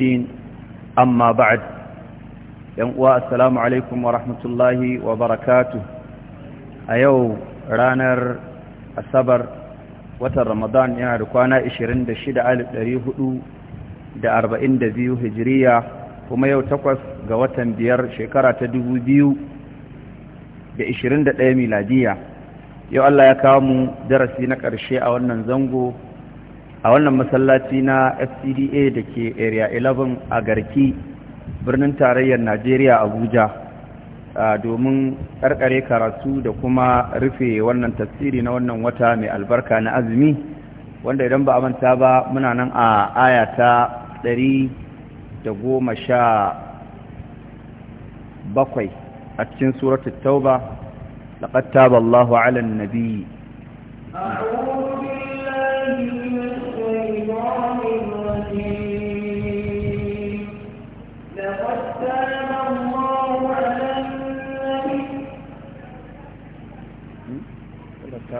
الدين أما بعد ينقوى السلام عليكم ورحمة الله وبركاته أيو رانر السبر watan ramadan yana da kwana 26,442 hijiriya kuma yau takwas ga watan biyar shekara ta 2021 miladiya yau Allah ya kawo mu darasi na ƙarshe a wannan zango a wannan masallaci na fcda da ke area 11 a garki birnin tarayyar najeriya abuja domin karkare karatu da kuma rufe wannan tasiri na wannan wata mai albarka na azumi wanda idan ba a manta ba muna nan a aya ta 117 a cikin suratul tauba laqad taballahu Allahu 'alan nabiy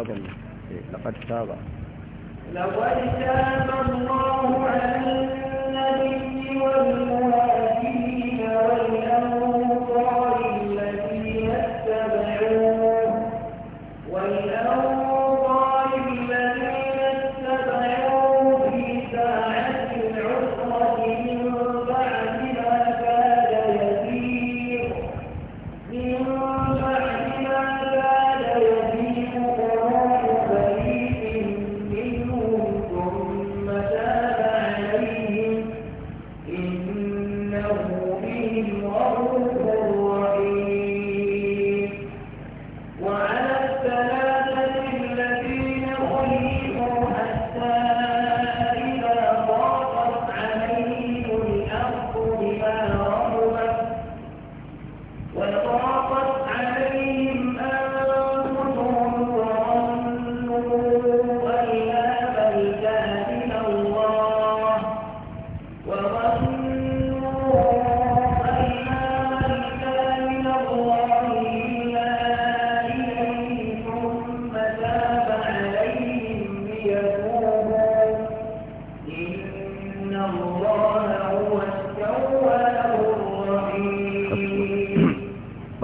تاب إيه، لقد تاب لقد تاب الله على النبي والمؤمنين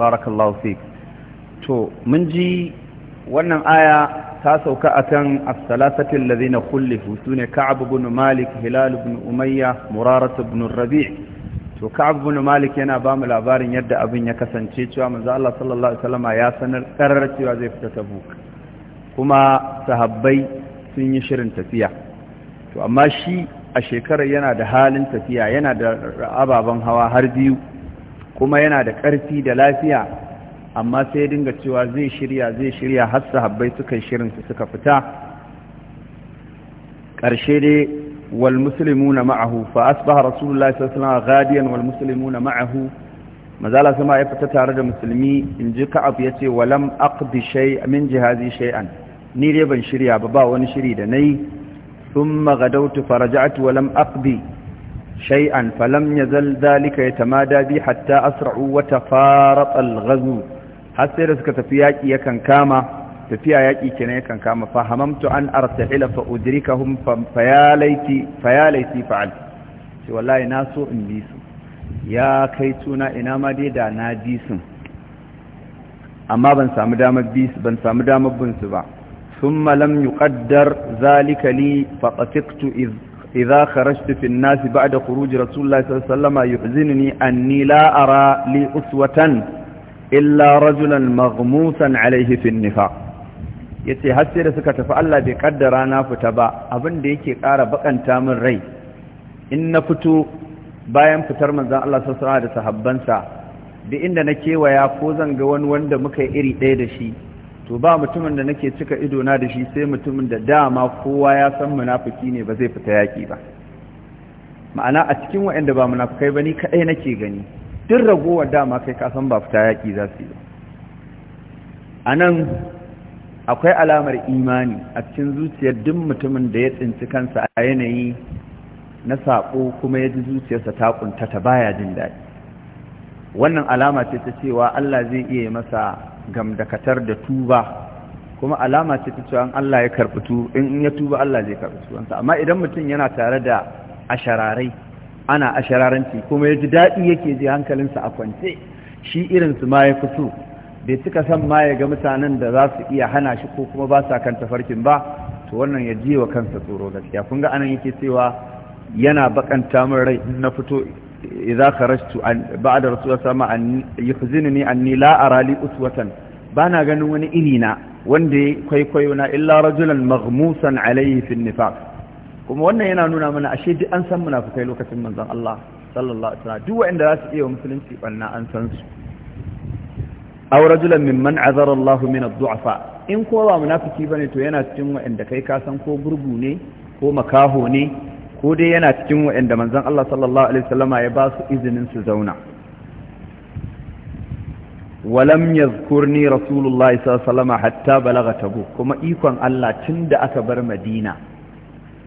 barakallahu fik to mun ji wannan aya ta sauka akan as-salasatil ladina khulifu sune ka'ab ibn malik hilal ibn umayya murara ibn rabi' to ka'ab ibn malik yana ba mu labarin yadda abin ya kasance cewa manzo Allah sallallahu alaihi ya sanar karar cewa zai fita tabuk kuma sahabbai sun yi shirin tafiya to amma shi a shekarar yana da halin tafiya yana da ababen hawa har biyu kuma yana da ƙarfi da lafiya amma sai dinga cewa zai shirya zai shirya har sahabbai suka yi shirin su suka fita ƙarshe dai wal muslimuna ma'ahu fa asbaha rasulullahi sallallahu alaihi wasallam ghadiyan wal muslimuna ma'ahu mazala sama ya fita tare da musulmi in ji ka'ab ya ce walam aqdi shay min jihazi shay'an ni dai ban shirya ba ba wani shiri da nayi thumma gadawtu faraja'tu walam aqdi shay'an falam yazal dalika yatamada bi hatta asra'u wa tafarat al-ghazw har sai da suka tafi yaki yakan kama tafiya yaki kenan yakan kama fa an arsahila fa udrikahum fa ya laiti fa ya fa'al shi wallahi na so in bi ya kai tuna ina ma dai da na bi amma ban samu damar bi su ban samu damar bin su ba ثم لم يقدر ذلك لي فقتقت إذ إذا خرجت في الناس بعد خروج رسول الله صلى الله عليه وسلم يحزنني أني لا أرى لي أسوة إلا رجلا مغموسا عليه في النفاق yace har sai da suka tafi Allah bai kaddara na fita ba abin da yake ƙara bakanta min rai in na fito bayan fitar manzon Allah sallallahu alaihi wasallam da sahabbansa da inda na kewaya ko zan ga wani wanda muka yi iri ɗaya da shi to ba mutumin da nake cika idona da shi sai mutumin da dama kowa ya san munafiki ne ba zai fita yaƙi ba ma'ana a cikin wa'anda ba munafikai ba ni kaɗai nake gani duk ragowar dama kai ka san ba fita yaƙi za su yi a nan akwai alamar imani a cikin zuciyar duk mutumin da ya tsinci kansa a yanayi na saƙo kuma ya ji zuciyarsa ta ƙuntata baya jin daɗi wannan alama ce ta cewa allah zai iya masa gamdakatar da tuba kuma alama ce ta cewa Allah ya karɓi tu in ya tuba Allah zai karɓi tubansa amma idan mutum yana tare da ashararai ana ashararanci kuma ya ji daɗi yake ji hankalinsa a kwance shi irinsu ma ya fi bai cika san ma ya ga mutanen da za su iya hana shi ko kuma ba sa kan tafarkin ba to wannan ya ji wa kansa tsoro gaskiya kun ga anan yake cewa yana bakanta min rai na fito idza kharajtu ba'da rasulullah sama an yuhzinuni anni la ara uswatan bana ganin wani iri na wanda ya kwaikwayo na illa rajulan maghmusan alayhi fi kuma wannan yana nuna mana ashe duk an san munafikai lokacin manzon Allah sallallahu alaihi duk wanda za su iya musulunci banna an san su aw rajulan mimman azara Allah min ad-du'afa in ko ba munafiki bane to yana cikin wanda kai ka san ko gurgu ne ko makaho ne ko dai yana cikin waɗanda manzon Allah sallallahu alaihi wasallama ya ba su izinin su zauna walam yazkurni rasulullahi sallallahu alaihi wasallama hatta balagha tabu kuma ikon Allah tunda aka bar Madina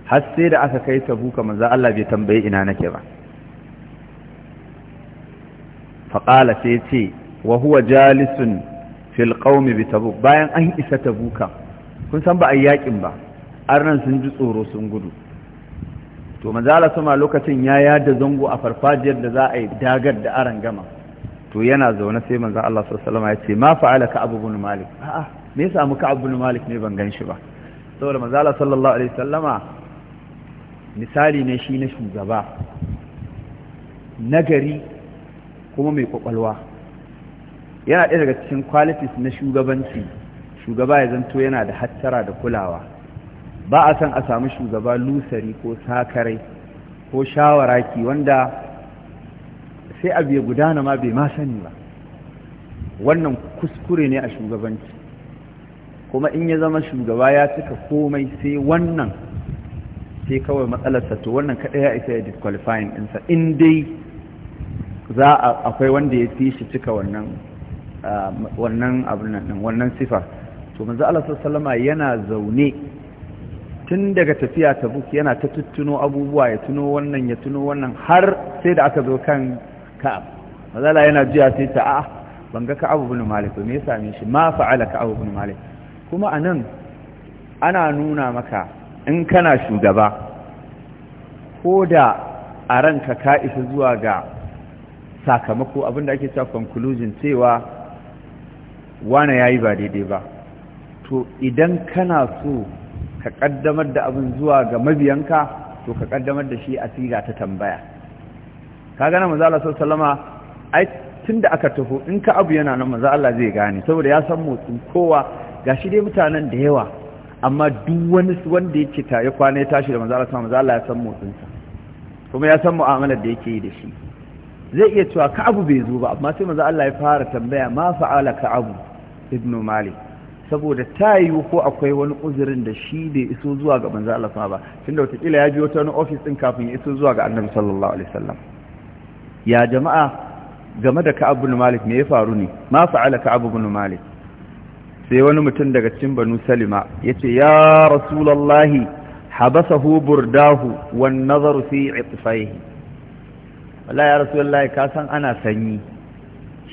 har sai da aka kai tabu buka za Allah bai tambaye ina nake ba faqala sai ce wa huwa jalisun fil qaumi bi tabu bayan an isa tabuka kun san ba ayyakin ba arnan sun ji tsoro sun gudu to manzala sama lokacin ya yada zango a farfajiyar da za a yi dagar da aran gama to yana zaune sai manzan Allah sallama ya ce ma fa'ala ka abu bin malik a'a me ya samu ka abu bin malik ne ban gan shi ba saboda manzala sallallahu alaihi sallama misali ne shi na shugaba nagari kuma mai kwakwalwa yana ɗaya daga cikin qualities na shugabanci shugaba ya zanto yana da hattara da kulawa ba a san a samu shugaba lusari ko sakarai ko shawaraki wanda sai abu ya gudana ma bai ma sani ba wannan kuskure ne a shugabanci kuma in ya zama shugaba ya cika komai sai wannan sai kawai matsalarsa to wannan kaɗai ya isa ya disqualifying ɗinsa in dai za a akwai wanda ya fi shi cika wannan ah, wannan abin nan wannan sifa to manzo Allah yana zaune tun daga tafiya ta buk yana ta tuttuno abubuwa ya tuno wannan ya tuno wannan har sai da aka zo kan ka'ab mazala yana jiya sai ta a ban ga ka'ab ibn malik me ya same shi ma fa'ala ka'ab ibn malik kuma anan ana nuna maka in kana shugaba ko da a ranka ka isa zuwa ga sakamako abinda ake cewa conclusion cewa wane yayi ba daidai ba to idan kana so ka kaddamar da abin zuwa ga mabiyanka to ka kaddamar da shi a ta tambaya ka gana maza Allah sallama ai tunda aka taho in ka abu yana nan maza Allah zai gane saboda ya san motsin kowa gashi dai mutanen da yawa amma duk wani wanda yake ta ya kwana ya tashi da maza Allah sallama maza Allah ya san motsin sa kuma ya san mu'amalar da yake yi da shi zai iya cewa ka abu bai zo ba amma sai maza Allah ya fara tambaya ma fa'ala ka abu ibnu malik saboda ta yiwu ko akwai wani uzurin da shi da iso zuwa ga manzo Allah ba tunda watakila ya biyo ta wani office din kafin ya iso zuwa ga Annabi sallallahu alaihi wasallam ya jama'a game da Ka'ab ibn Malik me ya faru ne ma fa'ala Ka'ab ibn Malik sai wani mutum daga cikin Banu Salima yace ya Rasulullahi habasahu burdahu wan nazaru fi itfaihi wallahi ya Rasulullahi ka san ana sanyi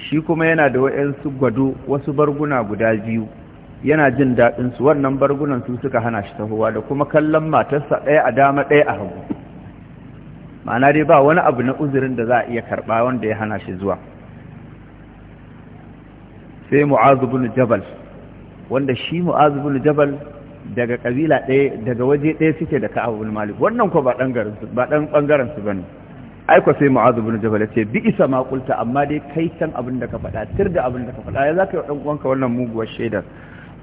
shi kuma yana da wayansu gwado wasu barguna guda biyu yana jin daɗinsu wannan bargunan su suka hana shi tahowa da kuma kallon matarsa ɗaya a dama ɗaya a hagu ma'ana dai ba wani abu na uzurin da za a iya karɓa wanda ya hana shi zuwa sai mu'azu bin jabal wanda shi mu'azu bin jabal daga kabila ɗaya daga waje ɗaya suke da ka'ab bin malik wannan ko ba ɗan ɓangaren su bane ai ko sai mu'azu bin jabal ya ce bi isa ma kulta amma dai kai can abin da ka faɗa tir da abin da ka faɗa ya zaka yi dan uwanka wannan muguwar shaidar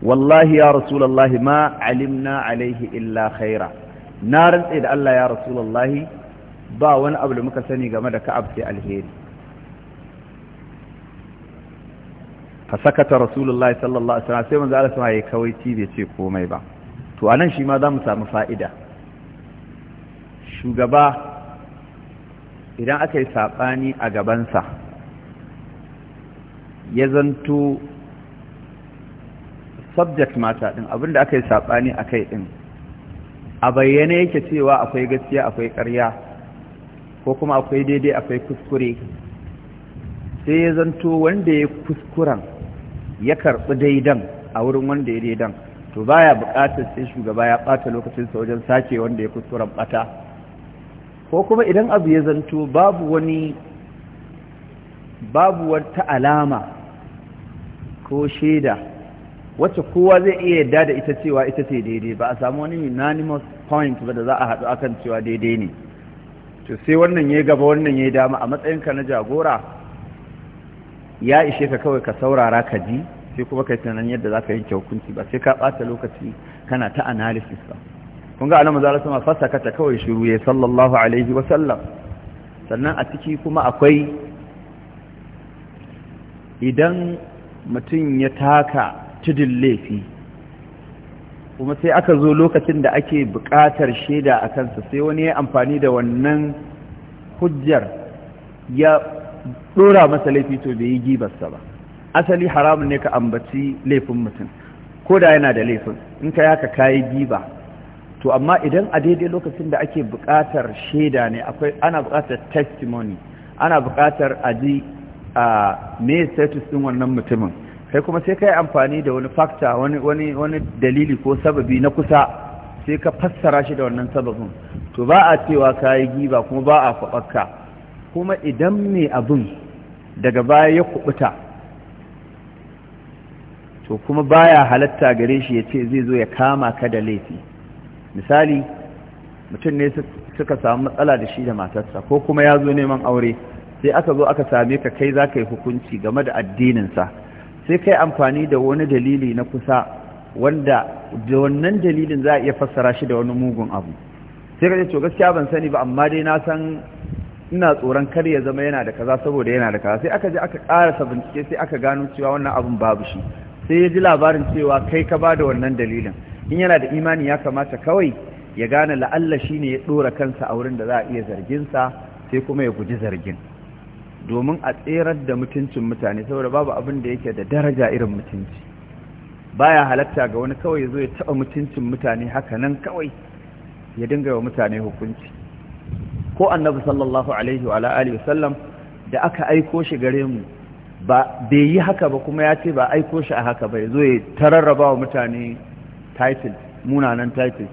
wallahi ya rasulallahi ma alimna alaihi illa khaira na rantse da Allah ya rasulallahi ba wani abu da muka sani game da ka'ab sai alheri fa sakata rasulullahi sallallahu alaihi wasallam sai manzo Allah yayi kawai kawaici bai ce komai ba to anan shi ma zamu samu fa'ida shugaba idan aka yi sabani a gabansa ya zanto subject matter din da aka yi saɓani a kai din a bayyane yake cewa akwai gaskiya akwai ƙarya ko kuma akwai daidai akwai kuskure sai ya zanto wanda ya kuskuren ya karɓi daidan a wurin wanda ya daidan to baya buƙatar sai shugaba ya ɓata lokacinsa wajen sake wanda ya kuskuren ɓata ko kuma idan abu ya zanto babu wani babu wata alama ko shaida wacce kowa zai iya yadda da ita cewa ita ce daidai ba a samu wani unanimous point ba da za a haɗu akan cewa daidai ne to sai wannan ya gaba wannan ya dama a matsayinka na jagora ya ishe ka kawai ka saurara ka ji sai kuma kai tunanin yadda za ka yanke hukunci ba sai ka ɓata lokaci kana ta analysis ba kun ga alama zalasa ma fasaka ta kawai shiru ya sallallahu alaihi wa sallam sannan a ciki kuma akwai idan mutum ya taka tudun laifi kuma sai aka zo lokacin da ake buƙatar shaida a kansa sai wani ya amfani da wannan hujjar ya ɗora masa laifi to bai yi gibarsa ba asali haramun ne ka ambaci laifin mutum ko da yana da laifin in ka yaka kayi giba to amma idan a daidai lokacin da ake buƙatar shaida ne akwai ana buƙatar testimony ana buƙatar aji a me status ɗin wannan mutumin kai kuma sai ka yi amfani da wani fakta wani dalili ko sababi na kusa sai ka fassara shi da wannan sababin to ba a cewa ka yi giba kuma ba a kuma idan mai abin daga baya ya kubuta to kuma baya halatta gare shi ya ce zai zo ya kama ka da laifi misali mutum ne suka samu matsala da shi da matarsa ko kuma ya zo neman aure sai aka zo aka same ka kai za ka yi hukunci game da addininsa sai kai amfani da wani dalili na kusa wanda da wannan dalilin za a iya fassara shi da wani mugun abu sai ka to gaskiya ban sani ba amma dai na san ina tsoron kar ya zama yana da kaza saboda yana da kaza sai aka je aka karasa bincike sai aka gano cewa wannan abun babu shi sai ya ji labarin cewa kai ka ba da wannan dalilin in yana da imani ya kamata kawai ya gane la'alla shine ya dora kansa a wurin da za a iya zargin sa sai kuma ya guji zargin domin a tserar da mutuncin mutane saboda babu abin da yake da daraja irin mutunci baya halatta ga wani kawai zo ya taba mutuncin mutane haka nan kawai ya dinga wa mutane hukunci ko annabi sallallahu alaihi wa alihi wasallam da aka aiko shi gare mu ba bai yi haka ba kuma ya ce ba aiko shi a haka ba zo ya tararraba wa mutane title munanan title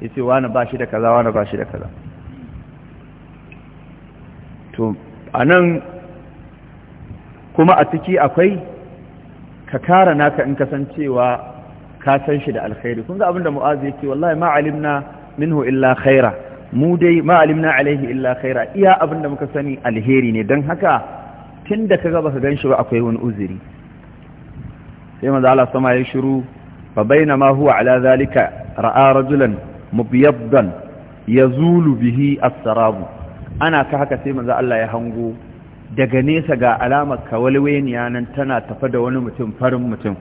yace wani ba shi da kaza wani ba shi da kaza to anan kuma a ciki akwai ka kara naka in kasancewa ka san shi da alkhairi kun ga abinda mu'az yake wallahi ma alimna minhu illa khaira mu dai ma alimna alaihi illa khaira iya abinda muka sani alheri ne dan haka tunda kaga baka ganshi ba akwai wani uzuri sai manzo Allah sama ya shiru fa bainama huwa ala zalika ra'a rajulan mubyaddan yazulu bihi as-sarabu ana ka haka sai manzo Allah ya hango daga nesa ga alamar kawalweniya nan tana tafa da wani mutum farin mutum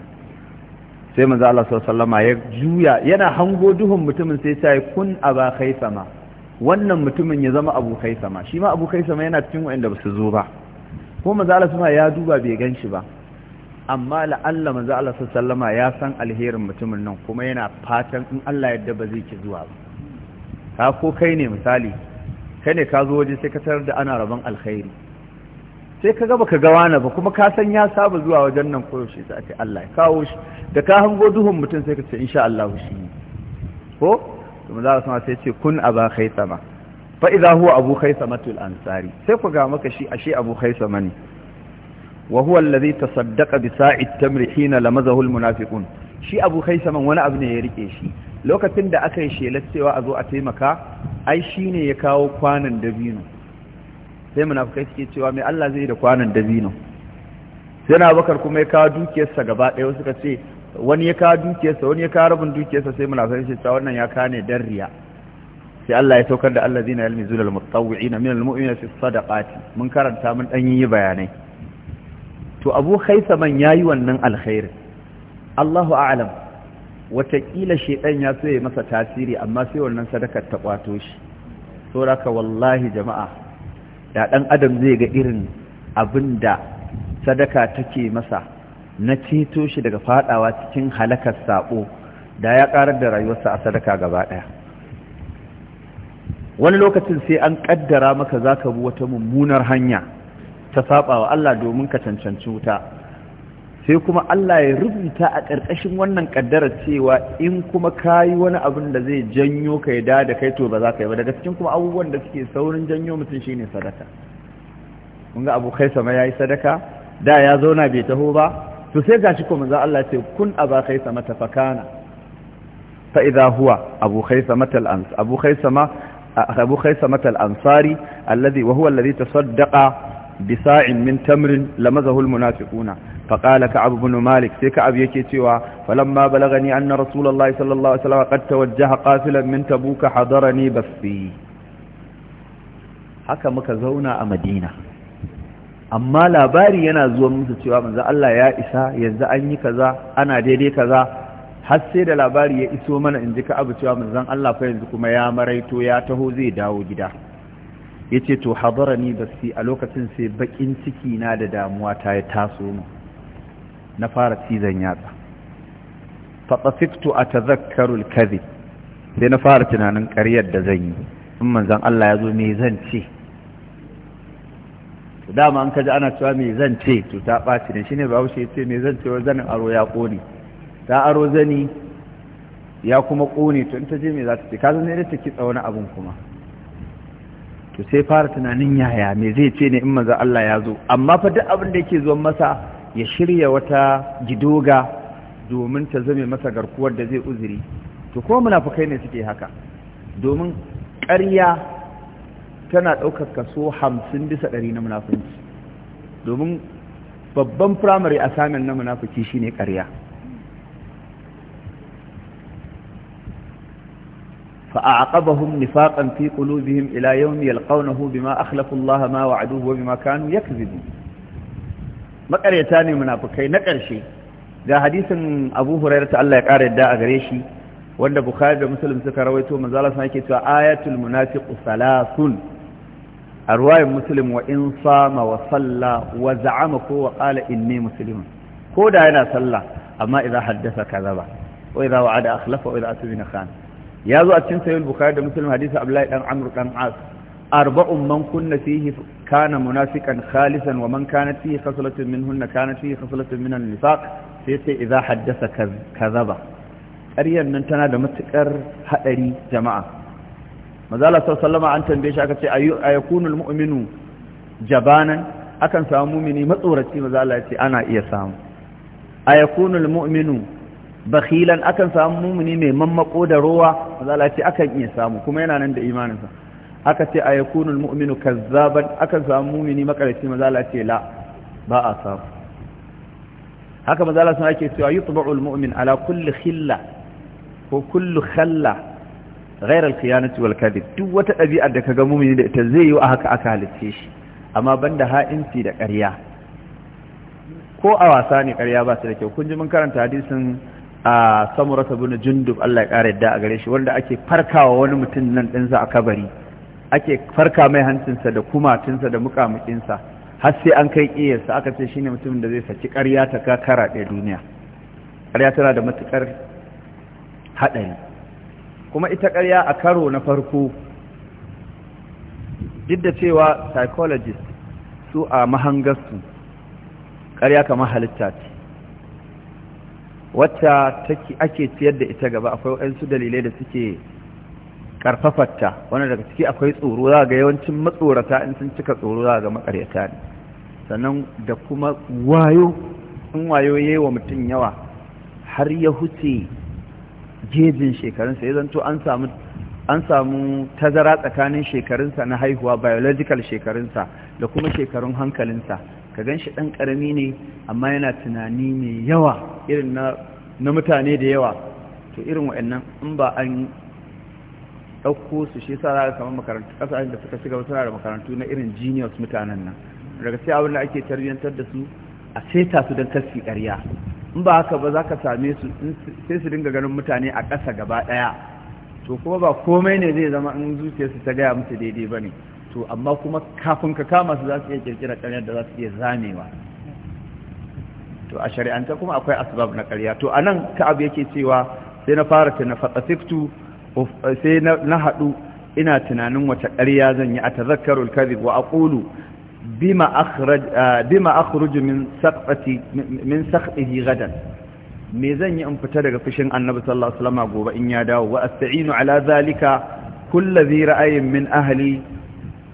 sai manzo Allah sallama ya juya yana hango duhun mutumin sai sai kun kai sama wannan mutumin ya zama abu kai sama shi ma abu kai sama yana cikin wanda ba su zo ba ko manzo Allah sallama ya duba bai gan shi ba amma la'alla manzo Allah sallama ya san alherin mutumin nan kuma yana fatan in Allah yadda ba zai ki zuwa ba ka ko kai ne misali kai ne ka zo waje sai ka tarar da ana rabon alkhairi sai ka ga ka gawa na ba kuma ka san ya saba zuwa wajen nan koyaushe sai a ce Allah ya kawo shi da ka hango duhun mutum sai ka ce insha Allah shi ne ko to mu za sama sai ce kun aba khaisama fa idza huwa abu khaisamatul ansari sai ku ga maka shi ashe abu khaisama ne wa huwa alladhi tasaddaqa bi sa'id tamri hina lamazahu al munafiqun shi abu khaisama wani abu ne ya rike shi lokacin da aka yi shelar cewa a zo a taimaka ai shine ya kawo kwanan dabino sai munafukai suke cewa mai Allah zai da kwanan dabino sai na bakar kuma ya kawo dukiyarsa gaba ɗaya suka ce wani ya kawo dukiyarsa wani ya kawo rabin dukiyarsa sai munafukai suke cewa wannan ya kane dan riya sai Allah ya saukar da Allah zina allazina yalmizuna almutawwi'ina min almu'minina fi sadaqati mun karanta mun dan yi bayanai to Abu Khaisaman yayi wannan alkhairi Allahu a'lam watakila shedan ya so ya masa tasiri amma sai wannan sadakar ta kwato shi saboda wallahi jama'a da ɗan adam zai ga irin abin da sadaka take masa na ceto shi daga fadawa cikin halakar sabo da ya karar da rayuwarsa a sadaka gaba ɗaya wani lokacin sai an ƙaddara maka zaka bi wata mummunar hanya ta saba wa Allah domin ka cancanci wuta sai kuma Allah ya rubuta a ƙarƙashin wannan ƙaddara cewa in kuma ka yi wani abin da zai janyo ka ya da kai to ba za ka yi ba daga cikin kuma abubuwan da suke saurin janyo mutum shi ne sadaka kun ga abu kai sama ya yi sadaka da ya zauna bai taho ba to sai gashi kuma za Allah ce kun aba kai sama tafakana fa idza huwa abu kai sama tal ans abu kai abu kai tal ansari alladhi wa huwa alladhi tasaddaqa bi sa'in min tamrin lamazahu al فقال كعب بن مالك سي كعب يكي تيوا فلما بلغني أن رسول الله صلى الله عليه وسلم قد توجه قافلا من تبوك حضرني بثي haka muka zauna a madina amma labari yana zuwa musu cewa manzo Allah ya isa yanzu an yi kaza ana daidai kaza har sai da labari ya iso mana inji ka abu cewa manzon Allah fa yanzu kuma ya maraito ya taho zai dawo gida yace to hadarani basi a lokacin sai bakin ciki na da damuwa ta ya taso mu na fara cizon yatsa fatafiktu a zakarul kazi sai na fara tunanin ƙaryar da zan yi in manzan Allah ya zo me zan ce dama an kaji ana cewa me zan ce to ta ɓaci ne shine babu shi ce me zan ce wa zanin aro ya ƙone ta aro zani ya kuma ƙone to in ta je me za ta ce ka zane ne da ta kitsa wani abun kuma to sai fara tunanin yaya me zai ce ne in manzan Allah ya zo amma fa duk abin da yake zuwan masa ya shirya wata gidoga domin ta zame masa garkuwar da zai uzuri to ko munafukai ne suke haka domin ƙarya tana ɗaukar kaso hamsin bisa ɗari na munafunci domin babban firamare a samun na munafuki shine ƙarya فأعقبهم نفاقا في قلوبهم إلى يوم يلقونه بما أخلفوا الله ما وعدوه وبما كانوا يكذبون makaryata ne munafukai na ƙarshe ga hadisin abu hurairar ta Allah ya ƙara yadda a gare shi wanda bukhari da muslim suka rawaito manzo Allah yake cewa ayatul munafiq salasun a ruwayin muslim wa in sama wa salla wa za'ama ko wa qala inni muslimun ko da yana sallah amma idan haddasa kazaba wa idan wa'ada akhlafa wa idan atmina khana ya zo a cikin sahih bukhari da muslim hadisi abdullahi dan amr dan as arba'un man kunna fihi kana munafiqan khalisan wa man kanat fihi khaslatun minhunna kanat fihi khaslatun min an-nifaq sai sai idza haddasa kazaba ƙaryar nan tana da matukar hadari jama'a mazala sallama an tambaye shi aka ce ayakunu al jabanan akan samu mumini matsoraci mazala ya ce ana iya samu ayakunu al-mu'minu bakhilan akan samu mumini mai mammako da rowa mazala ce akan iya samu kuma yana nan da imaninsa aka ce a yakunu almu'minu kazzaban aka samu mu'mini makarici maza ce la ba a samu haka mazala sun ake cewa yutba'u almu'min ala kulli khilla ko kullu khalla ghayra alkhiyanati wal kadi duk wata ɗabi'ar da ka ga mu'mini da ita zai yi a haka aka halice shi amma banda ha'inci da ƙarya ko a wasa ne ƙarya ba su da kyau kun ji mun karanta hadisin a samurata bin jundub Allah ya ƙara yadda a gare shi wanda ake farkawa wani mutum nan ɗinsa a kabari ake farka mai hancinsa da kumatinsa da mukamukinsa har sai an kai iyarsa, aka ce shine mutumin da zai saki karya ta kakara ɗaya duniya Karya tana da matuƙar haɗari kuma ita karya a karo na farko duk da cewa psychologist su a mahangarsu Karya kamar halitta ce wacce ake ciyar da ita gaba akwai waɗansu dalilai da suke karfafarta wani daga ciki akwai tsoro za ga yawancin matsorata in sun cika tsoro za ga makaryata ne sannan da kuma wayo in wayo yayi wa mutum yawa har ya huce jejin shekarunsa ya zanto an samu an samu tazara tsakanin shekarunsa na haihuwa biological shekarunsa da kuma shekarun hankalinsa ka gan shi ɗan ƙarami ne amma yana tunani mai yawa irin na mutane da yawa to irin waɗannan in ba an ɗauko su shi sa za a samu makarantu ƙasashen da suka shiga suna da makarantu na irin genius mutanen nan daga sai abin da ake tarbiyyantar da su a seta su don kasfi ƙarya in ba haka ba za ka same su sai su dinga ganin mutane a ƙasa gaba ɗaya to kuma ba komai ne zai zama in su ta gaya musu daidai ba ne to amma kuma kafin ka kama su za su iya kirkira ƙaryar da za su iya zamewa to a shari'anta kuma akwai asbab na ƙarya to anan ka abu yake cewa sai na fara ta na sai na haɗu ina tunanin wata ƙarya zan yi a tazakkarul kadhib wa a ƙulu akhraj ah, bima akhruju min min saqtihi gadan me zan yi in fita daga fushin annabi sallallahu alaihi wasallam gobe in ya dawo wa asta'inu ala zalika kullu dhi ra'ayin min ahli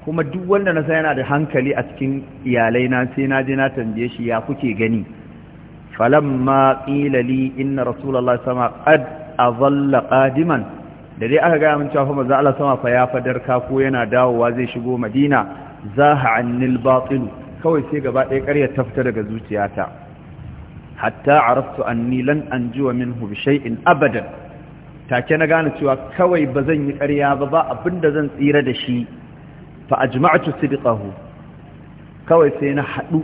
kuma duk wanda na san yana da hankali a cikin iyalai na sai na je na tambaye shi ya kuke gani falamma qila li inna rasulullahi sallallahu alaihi wasallam qad adalla qadiman da dai aka gaya min cewa fa manzo Allah sama fa ya fadar kafo yana dawowa zai shigo Madina za ha annil batil kawai sai gaba ɗaya ƙarya ta fita daga zuciyata hatta araftu anni lan wa minhu bi shay'in abadan take na gane cewa kawai ba zan yi ƙarya ba ba abinda zan tsira da shi fa ajma'tu sidqahu kawai sai na haɗu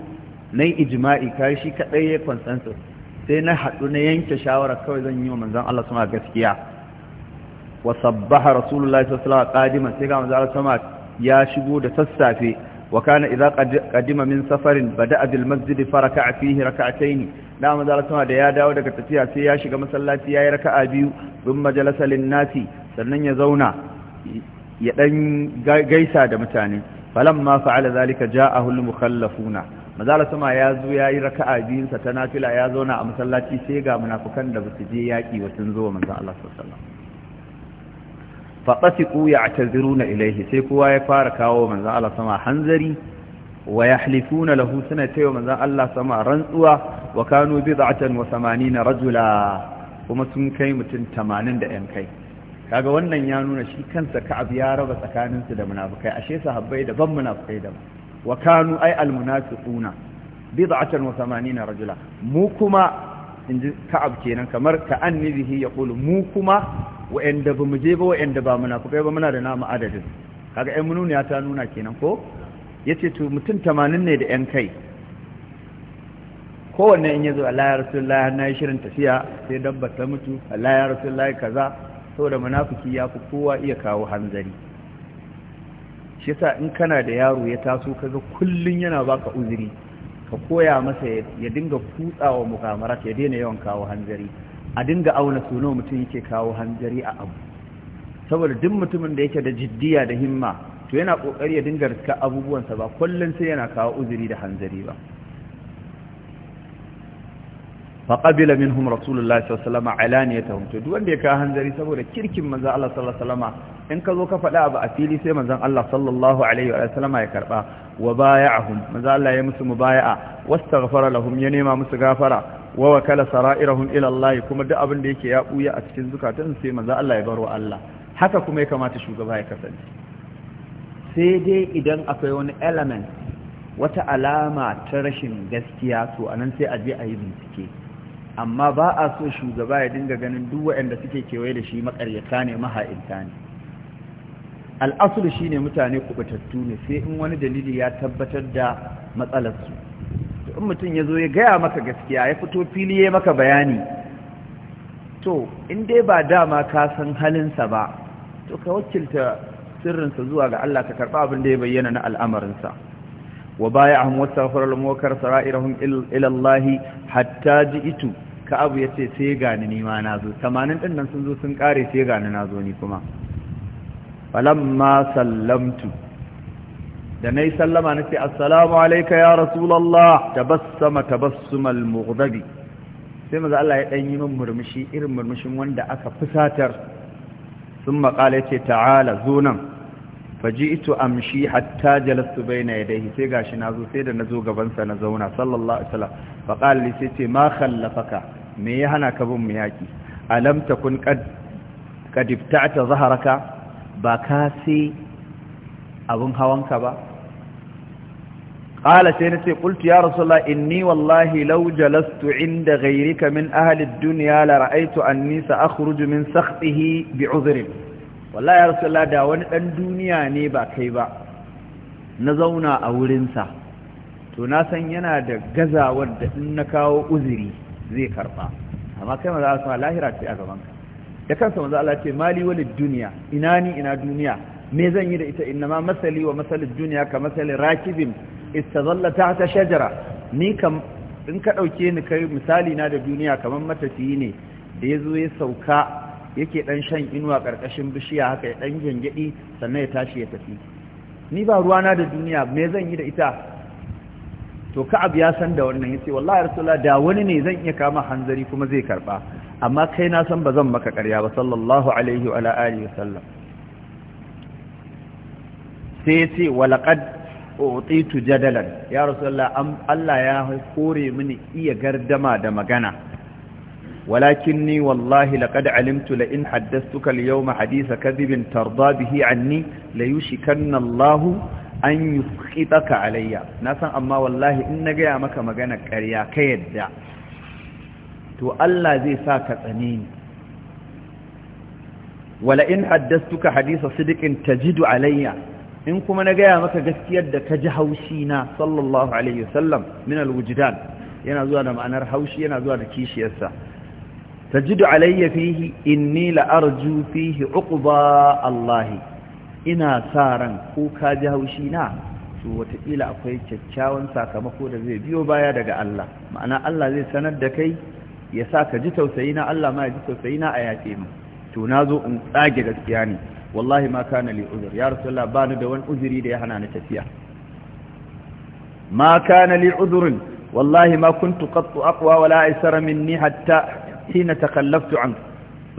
na yi ijma'i kai shi kaɗai ya consensus sai na haɗu na yanke shawara kawai zan yi wa manzon Allah sama gaskiya wa sabbaha rasulullahi sallallahu alaihi wasallam sai ga manzo Allah sama ya shigo da sassafe wa kana idza qadima min safarin bada'a bil masjid faraka'a fihi rak'atayn da manzo Allah sama da ya dawo daga tafiya sai ya shiga masallaci yayi raka'a biyu dun majalasa lin nasi sannan ya zauna ya dan gaisa da mutane falamma fa'ala zalika ja'ahu al mukhallafuna mazala sama ya zo ya yi raka'a biyunsa ta nafila ya zauna a masallaci sai ga munafukan da ba su je yaki ba sun zo wa Allah sallallahu faɓasiku ya ataziruna ilaihi sai kowa ya fara kawo manzan Allah sama hanzari wa ya halifuna lahu suna taiwa manzan Allah sama rantsuwa wa kano bid'atan wa na rajula kuma sun kai mutum tamanin da 'yan kai kaga wannan ya nuna shi kansa ka'ab ya raba tsakaninsu da munafukai ashe sahabbai daban munafukai daban wa kanu ay almunafiquna bid'atan wa na rajula mu kuma inji ka'ab kenan kamar ka annabihi yaqulu mu kuma wa'anda ba mu je ba wa'anda ba munafukai ba muna da namu adadin kaga ai mununiya ta nuna kenan ko yace to mutum 80 ne da yan kai kowanne in yazo Allah ya rasulullahi na yi shirin tafiya sai dabba ta mutu Allah ya rasulullahi kaza saboda munafiki ya fi kowa iya kawo hanzari shi yasa in kana da yaro ya taso kaga kullun yana baka uzuri ka koya masa ya dinga kutsawa mukamarat ya daina yawan kawo hanzari a dinga auna suno mutum yake kawo hanzari a abu saboda duk mutumin da yake da jiddiya da himma to yana kokari ya dinga rika abubuwansa ba kullum sai yana kawo uzuri da hanzari ba faqabila minhum rasulullahi sallallahu alaihi wasallam alaniyatahum to duk wanda ya kawo hanzari saboda kirkin manzon Allah sallallahu alaihi wasallam in ka zo ka faɗa abu a fili sai manzon Allah sallallahu alaihi wa sallam ya karba wa bay'ahum manzon Allah ya musu mubaya'a wastaghfara lahum ya nema musu gafara wa wakala sara'irahum ila Allah kuma duk abin da yake ya buya a cikin zukatun sai manzo Allah ya baro Allah haka kuma ya kamata shugaba ya kasance sai dai idan akwai wani element wata alama ta rashin gaskiya to anan sai a je a yi bincike amma ba a so shugaba ya dinga ganin duk waɗanda suke kewaye da shi makaryata ne maha'inta ne al'asul shine mutane kubutattu ne sai in wani dalili ya tabbatar da matsalarsu in mutum ya zo ya gaya maka gaskiya ya fito fili ya maka bayani to in dai ba dama ka san halinsa ba to ka wakilta sirrinsa zuwa ga Allah ka karɓa abin da ya bayyana na al'amarinsa wa baya ahun wata farar lamokar sara'irahun ilallahi hatta ji itu ka abu ya ce sai gani nima na zo tamanin ɗin nan sun zo sun ƙare sai gani na zo ni kuma falamma sallamtu da na yi sallama na ce assalamu alaika ya rasulallah tabassama tabassumal mughdabi sai maza Allah ya ɗan yi min murmushi irin murmushin wanda aka fusatar sun maƙala ce ta'ala zo nan faji'tu amshi hatta jalastu baina yadayhi sai gashi na zo sai da na zo gabansa na zauna sallallahu alaihi wasallam fa li sai ma khallafaka me ya hana ka bin miyaki alam takun qad qad ba ka sai abun hawanka ba qala sai nace qultu ya rasulullah inni wallahi law jalastu inda ghayrika min ahli ad-dunya la ra'aytu anni sa'khruju min sakhtihi bi'udhrin wallahi ya rasulullah da wani dan duniya ne ba kai ba na zauna a wurinsa to na san yana da gazawar da in na kawo uzuri zai karba amma kai maza Allah lahira ce a gaban ka da kansa maza Allah ce mali duniya ina ni ina duniya me zan yi da ita inna ma masali wa masalid duniya ka rakibin istazalla ta shajara ni kam in ka dauke ni kai misali na da duniya kamar matafiyi ne da yazo ya sauka yake dan shan inuwa karkashin bishiya haka ya dan gangadi sannan ya tashi ya tafi ni ba ruwa na da duniya me zan yi da ita to ka'ab ya san da wannan yace wallahi rasulullah da wani ne zan iya kama hanzari kuma zai karba amma kai na san ba zan maka ƙarya ba sallallahu alaihi wa alihi wasallam sai yace walaqad utitu jadalan ya rasulullah Allah ya kore mini iya gardama da magana walakinni wallahi laqad alimtu la in haddathtuka al-yawma haditha kadhibin tarda bihi anni la yushikanna Allah an yusqitaka alayya na san amma wallahi in na gaya maka magana ƙarya ka yadda to Allah zai sa ka tsane ni wala in haddathtuka haditha sidqin tajidu alayya in kuma na gaya maka gaskiyar da ka ji haushi na sallallahu alaihi wasallam min alwujdan yana zuwa da ma'anar haushi yana zuwa da kishiyarsa tajidu alayya fihi inni la arju fihi uqba Allah ina sa ran ko ka ji haushi na to wataƙila akwai kyakkyawan sakamako da zai biyo baya daga Allah ma'ana Allah zai sanar da kai ya sa ka ji tausayi na Allah ma ya ji tausayi na a yaƙe mu to na zo in tsage gaskiya ne wallahi ma kana li uzur ya rasulullah bani da wani uzuri da ya hana ni tafiya ma kana li uzurin wallahi ma kuntu qattu aqwa wala aysara minni hatta hina takallaftu an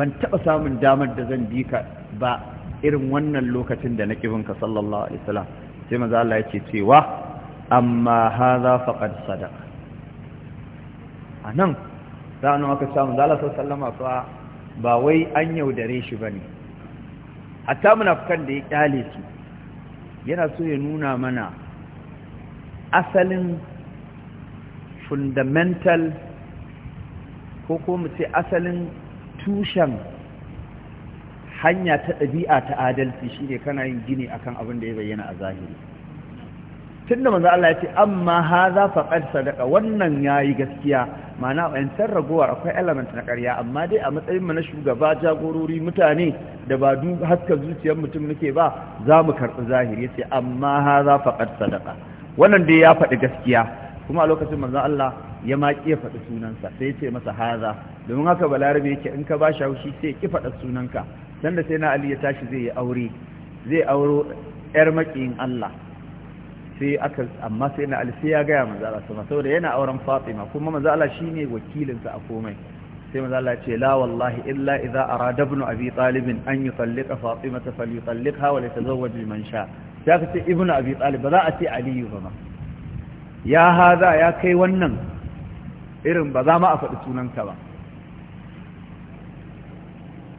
ban taba samun damar da zan bi ka ba irin wannan lokacin da na kibinka sallallahu alaihi wasallam sai manzo Allah yake cewa amma hadha faqad sadaqa anan ranar aka samu zala sallama fa ba wai an yaudare shi bane A ta munafukan da ya kyale su yana so ya nuna mana asalin fundamental ko ko mu ce asalin tushen hanya ta ɗabi'a ta adalci shi shine kana yin gini akan abin da ya bayyana a zahiri tunda manzo Allah ya ce amma za faƙarsa daga wannan ya yi gaskiya mana wancan ragowar akwai element na karya amma dai a matsayin mu na shugaba jagorori mutane da ba du haska zuciyar mutum nake ba za mu karɓi zahiri yace amma ha za faɗar sadaka wannan dai ya faɗi gaskiya kuma a lokacin manzon Allah ya ma ƙi faɗi sunansa sai ce masa haza domin haka balarabe yake in ka ba shi haushi sai ki faɗa sunanka sanda sai na Ali ya tashi zai yi aure zai auro yar makiyin Allah sai aka amma sai na ali sai ya gaya manzo sama saboda yana auren Fatima kuma manzo Allah shine wakilinsa a komai sai manzo Allah ce la wallahi illa idza arada ibn abi talib an yutalliqa Fatima falyutalliqha wa litazawwaj liman sha sai aka ce ibn abi talib ba za a ce ali ba ma ya hada ya kai wannan irin ba za ma a faɗi sunanka ba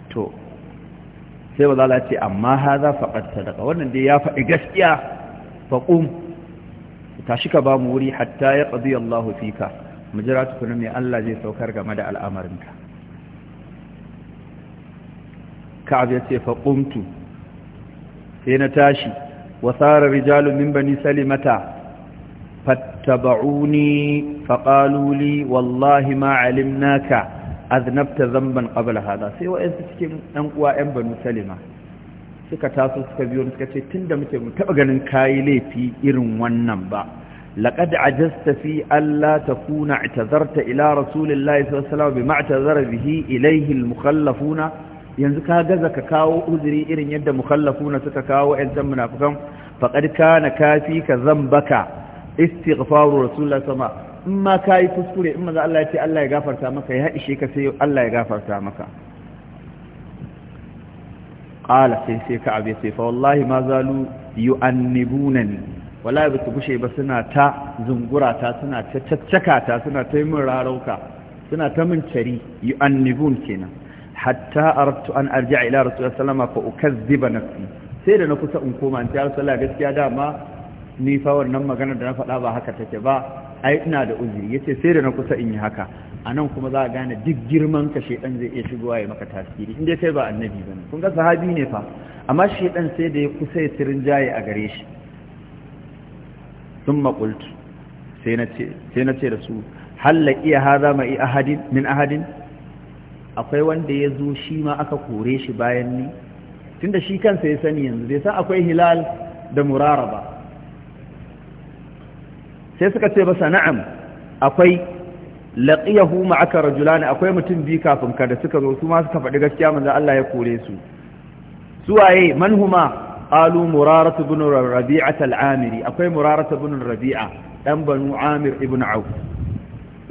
to sai manzo Allah ce amma haza faqad sadaqa wannan dai ya faɗi gaskiya faqum tashi ka ba mu wuri hatta ya qadi Allahu fika mu jira tukuna mai Allah zai saukar game da al'amarinka ka'ab ya ce fa sai na tashi wa sara rijalun min bani salimata fattaba'uni faƙaluli wallahi ma 'alimnaka aznabta dhanban qabla hadha sai wa'in cikin ɗan uwa yan banu salima suka taso suka biyo suka ce tunda muke mu taba ganin kayi laifi irin wannan ba laqad ajasta fi alla takuna i'tazarta ila rasulillahi sallallahu alaihi wasallam bima i'tazara bihi ilayhi almukhallafuna yanzu ka gaza ka kawo uzuri irin yadda mukhallafuna suka kawo ƴan munafikan faqad kana kafi ka zambaka istighfaru rasulillahi sallallahu alaihi wasallam in ma kayi kuskure in maza Allah ya ce Allah ya gafarta maka ya ishe ka sai Allah ya gafarta maka qala sai sai ka abe sai fa wallahi ma zalu yu'annibunani wallahi ba su gushe ba suna ta zungura suna ta caccaka ta suna min rarauka suna ta min cari yu'annibun kenan hatta aradtu an arji'a ila rasulullahi sallama fa ukazziba nafsi sai da na kusa in koma in ta rasulullahi gaskiya dama ni fa wannan magana da na faɗa ba haka take ba ai ina da uzi yace sai da na kusa in yi haka a nan kuma za a gane duk girman ka shaidan zai iya shigowa ya maka tasiri inda kai ba annabi ba ne, kun ga sahabi ne fa amma shaidan sai da ya kusa ya tirin jaye a gare shi sun qult sai na ce da su halla iya haza ma ahadin min ahadin akwai wanda ya zo shi ma aka kore shi bayan ni tunda shi kansa ya sani yanzu zai san akwai hilal da murara ba sai suka ce ba sana'am akwai laqiyahu ma'aka rajulani akwai mutum bi kafin ka da suka zo su ma suka faɗi gaskiya manzo Allah ya kore su suwaye manhuma qalu muraratu ibn rabi’a al-amiri akwai muraratu ibn rabi'a dan banu amir ibn auf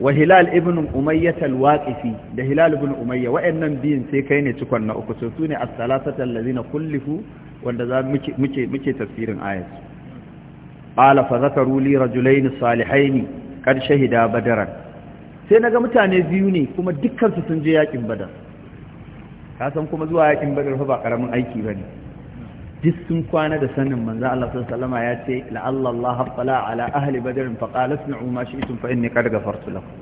wa hilal ibn umayyah al-waqifi da hilal ibn umayya wa'annan biyin sai kai ne cikon na uku su ne as-salasata allazina kullifu wanda za muke muke tafsirin ayat qala fa zakaru li rajulayn salihayn kad shahida badaran sai na ga mutane biyu ne kuma dukkansu sun je yakin badar ka kuma zuwa yakin badar fa ba karamin aiki bane duk sun kwana da sanin manzo Allah sallallahu ya ce la'alla Allah tala ala ahli badar fa qala asma'u ma shi'tum fa inni qad ghafartu lakum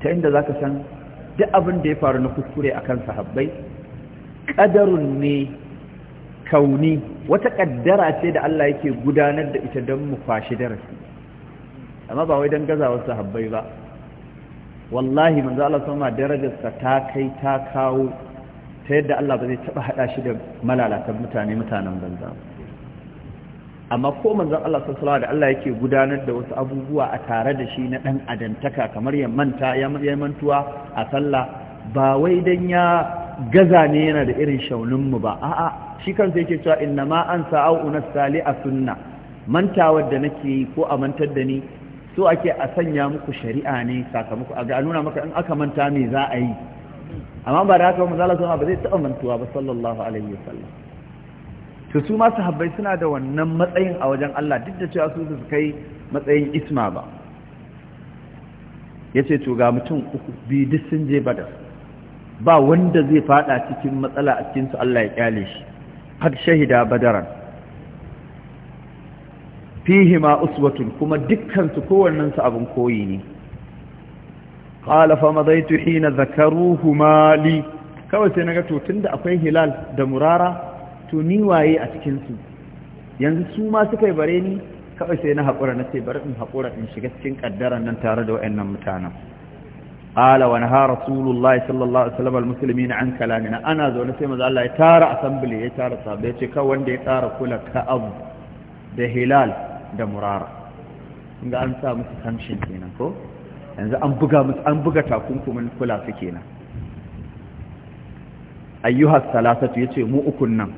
ta inda zaka san duk abin da ya faru na kuskure akan sahabbai qadarun ne kauni wata kaddara ce da Allah yake gudanar da ita dan mu kwashi darasi amma ba wai don gazawar sahabbai ba wallahi manzo Allah sama darajarsa ta kai ta kawo ta yadda Allah ba zai taba hada shi da malalatan mutane mutanen banza amma ko manzo Allah sallallahu da Allah yake gudanar da wasu abubuwa a tare da shi na dan adantaka kamar ya manta ya mantuwa a sallah ba wai dan ya gaza ne yana da irin shaunin mu ba a'a shi kansa yake cewa inna ma an sa'u a sunna mantawar da nake ko a mantar da ni so ake a sanya muku shari'a ne sakamako a ga nuna maka in aka manta me za a yi amma ba da haka mu zala ba zai taɓa mantuwa ba sallallahu alaihi wasallam to su ma sahabbai suna da wannan matsayin a wajen Allah duk da cewa su su kai matsayin isma ba yace to ga mutum uku bi duk sun je badar ba wanda zai fada cikin matsala a cikin su Allah ya kyale shi har shahida badaran fihima uswatun kuma dukkansu kowannensu abin koyi ne qala fa madaitu hina zakaruhuma li kawai sai naga to tunda akwai hilal da murara to ni waye a cikin su yanzu su ma suka yi bare ni kawai sai na haƙura na sai bari in haƙura in shiga cikin kaddaran nan tare da wayannan mutanen qala wa naha rasulullahi sallallahu alaihi wasallam almuslimina an kalamina ana zaune sai manzo Allah ya tara assembly ya tara sabai ya ce kawai wanda ya tara kula ka da hilal da murara inda an sa musu kamshin kenan ko yanzu an buga musu an buga takunkumin kula su kenan ayyuhas salasatu yace mu ukun nan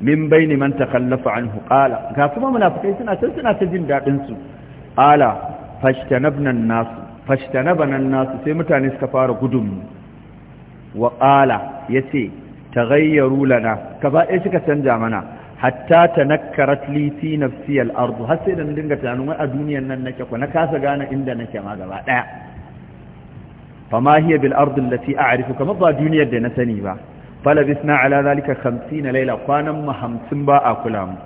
min bayni man takallafa anhu qala ga kuma munafikai suna tun suna ta jin dadin su qala fashtanabna an-nas fashtanabna an-nas sai mutane suka fara gudun wa qala yace taghayyaru lana ka ɗaya suka canja mana hatta tanakkarat li fi nafsi al-ardu har sai da na dinga tunanin wai a duniyar nan nake ko na kasa gane inda nake ma gaba daya fama hiya bil ardi allati a'rifu kama ba duniyar da na sani ba falabisna ala zalika 50 laila kwanan mu 50 ba a kula mu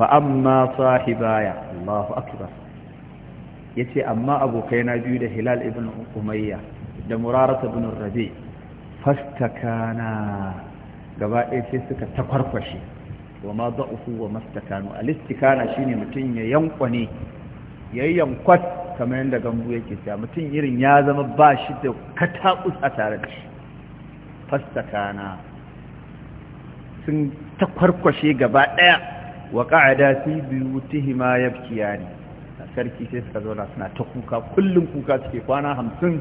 fa amma sahibaya Allahu akbar yace amma abokaina biyu da Hilal ibn Umayya da Murarata ibn Rabi fastakana gaba ɗaya sai suka takwarkwashe wa ma da'ufu wa mastakanu alistikana shine mutum ya yankwane yayi yankwat kamar yadda gambu yake cewa mutum irin ya zama ba shi da katakus a tare da shi fastakana sun takwarkwashe gaba daya wa qa'ada fi buyutihima yabkiyani sarki sai suka zauna suna ta kuka kullum kuka suke kwana hamsin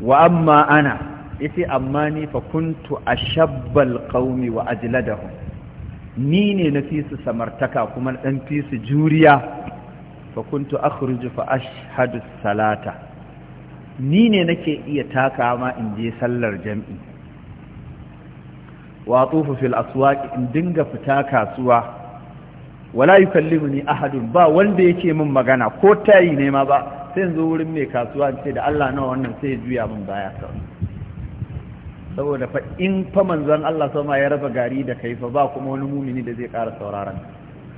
wa amma ana yace amma ni fa kuntu ashabbal qaumi wa ajladahum ni ne na fi su samartaka kuma dan fi su juriya fa kuntu akhruju fa ashhadu salata ni ne nake iya taka ma in je sallar jam'i wa atufu fil aswaq in dinga fita kasuwa wala yukallimuni ahadun ba wanda yake min magana ko tayi ne ma ba sai zo wurin mai kasuwa ce da Allah nawa wannan sai ya juya min baya kawai saboda fa in fa manzon Allah sama ya raba gari da kai fa ba kuma wani mumini da zai ƙara sauraron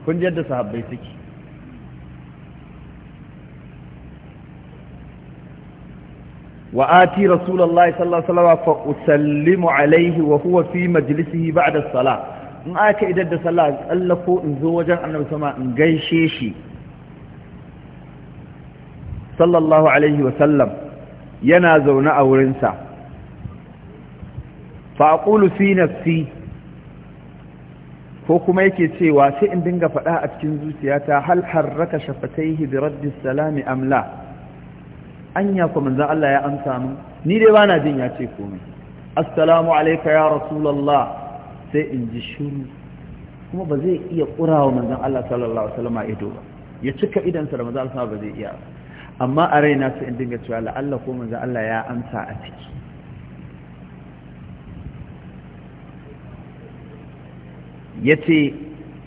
kun ji yadda sahabbai suke wa ati rasulullahi sallallahu alaihi wasallam fa usallimu alaihi wa huwa fi majlisihi ba'da as in aka idar da sallah tsallako in zo wajen annabi sama in gaishe shi sallallahu alaihi wa sallam yana zaune a wurinsa fa aqulu fi nafsi ko kuma yake cewa sai in dinga faɗa a cikin zuciyata hal harraka shafataihi bi raddi salami amla anya ko manzo Allah ya amsa mun ni dai bana jin ya ce komai assalamu alayka ya rasulullah sai in ji shiru kuma ba zai iya kurawa manzon Allah sallallahu alaihi wasallam ido ba ya cika sa da manzon Allah ba zai iya amma a raina sai in dinga cewa la'alla ko manzon Allah ya amsa a ciki ya ce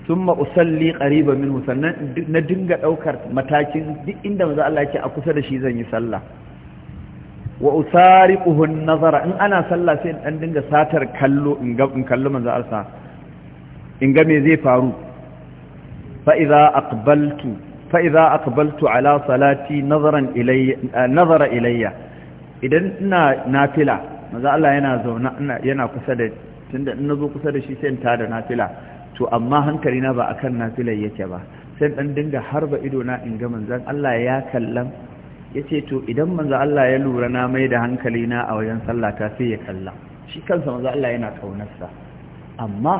sun ma'usalli ƙariba min sannan na dinga ɗaukar matakin duk inda maza Allah ce a kusa da shi zan yi sallah wa usari ƙuhun nazara in ana sallah sai ɗan dinga satar kallo in kallo maza Allah in ga me zai faru fa'iza a ƙabaltu ala salati eh, nazara ilayya idan ina nafila maza Allah yana yana kusa da tunda in nazo kusa da shi sai in tada nafila to amma hankali na ba akan nafilar yake ba sai dan dinga harba ido na in ga manzan. Allah ya kallan yace to idan manzan Allah ya lura na mai da hankali na a wajen sallah ta sai ya kalla shi kansa manzan Allah yana kaunarsa amma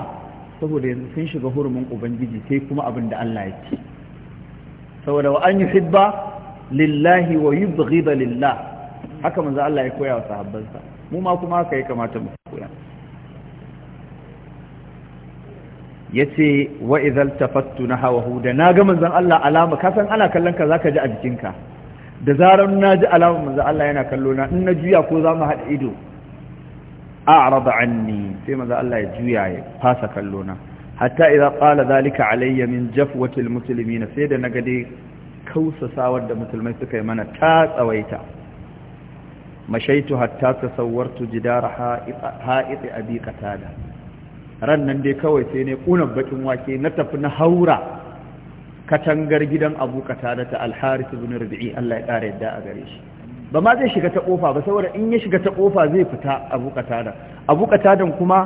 saboda yanzu sun shiga hurumin ubangiji sai kuma abin da Allah yake saboda wa an yuhibba lillahi wa yubghida lillah haka manzan Allah ya koya wa sahabbansa mu ma kuma haka ya kamata mu koya yace wa idhal na hawahu da naga manzon Allah alama ka san ana kallon ka ka ji a jikinka da zaran naji alama manzon Allah yana kallo na in na juya ko za mu haɗa ido a'rada anni sai manzon Allah ya juya ya fasa kallo na hatta idza qala zalika alayya min musulmi na sai da naga dai kausasawar da musulmai suka yi mana ta tsawaita mashaitu hatta tasawwartu jidara ha'it abi qatada ran nan dai kawai sai ne kunan bakin wake na tafi na haura katangar gidan abu katada ta alharisu bin rabi'i Allah ya kare yadda a gare shi ba ma zai shiga ta kofa ba saboda in ya shiga ta kofa zai fita abu katada abu katadan kuma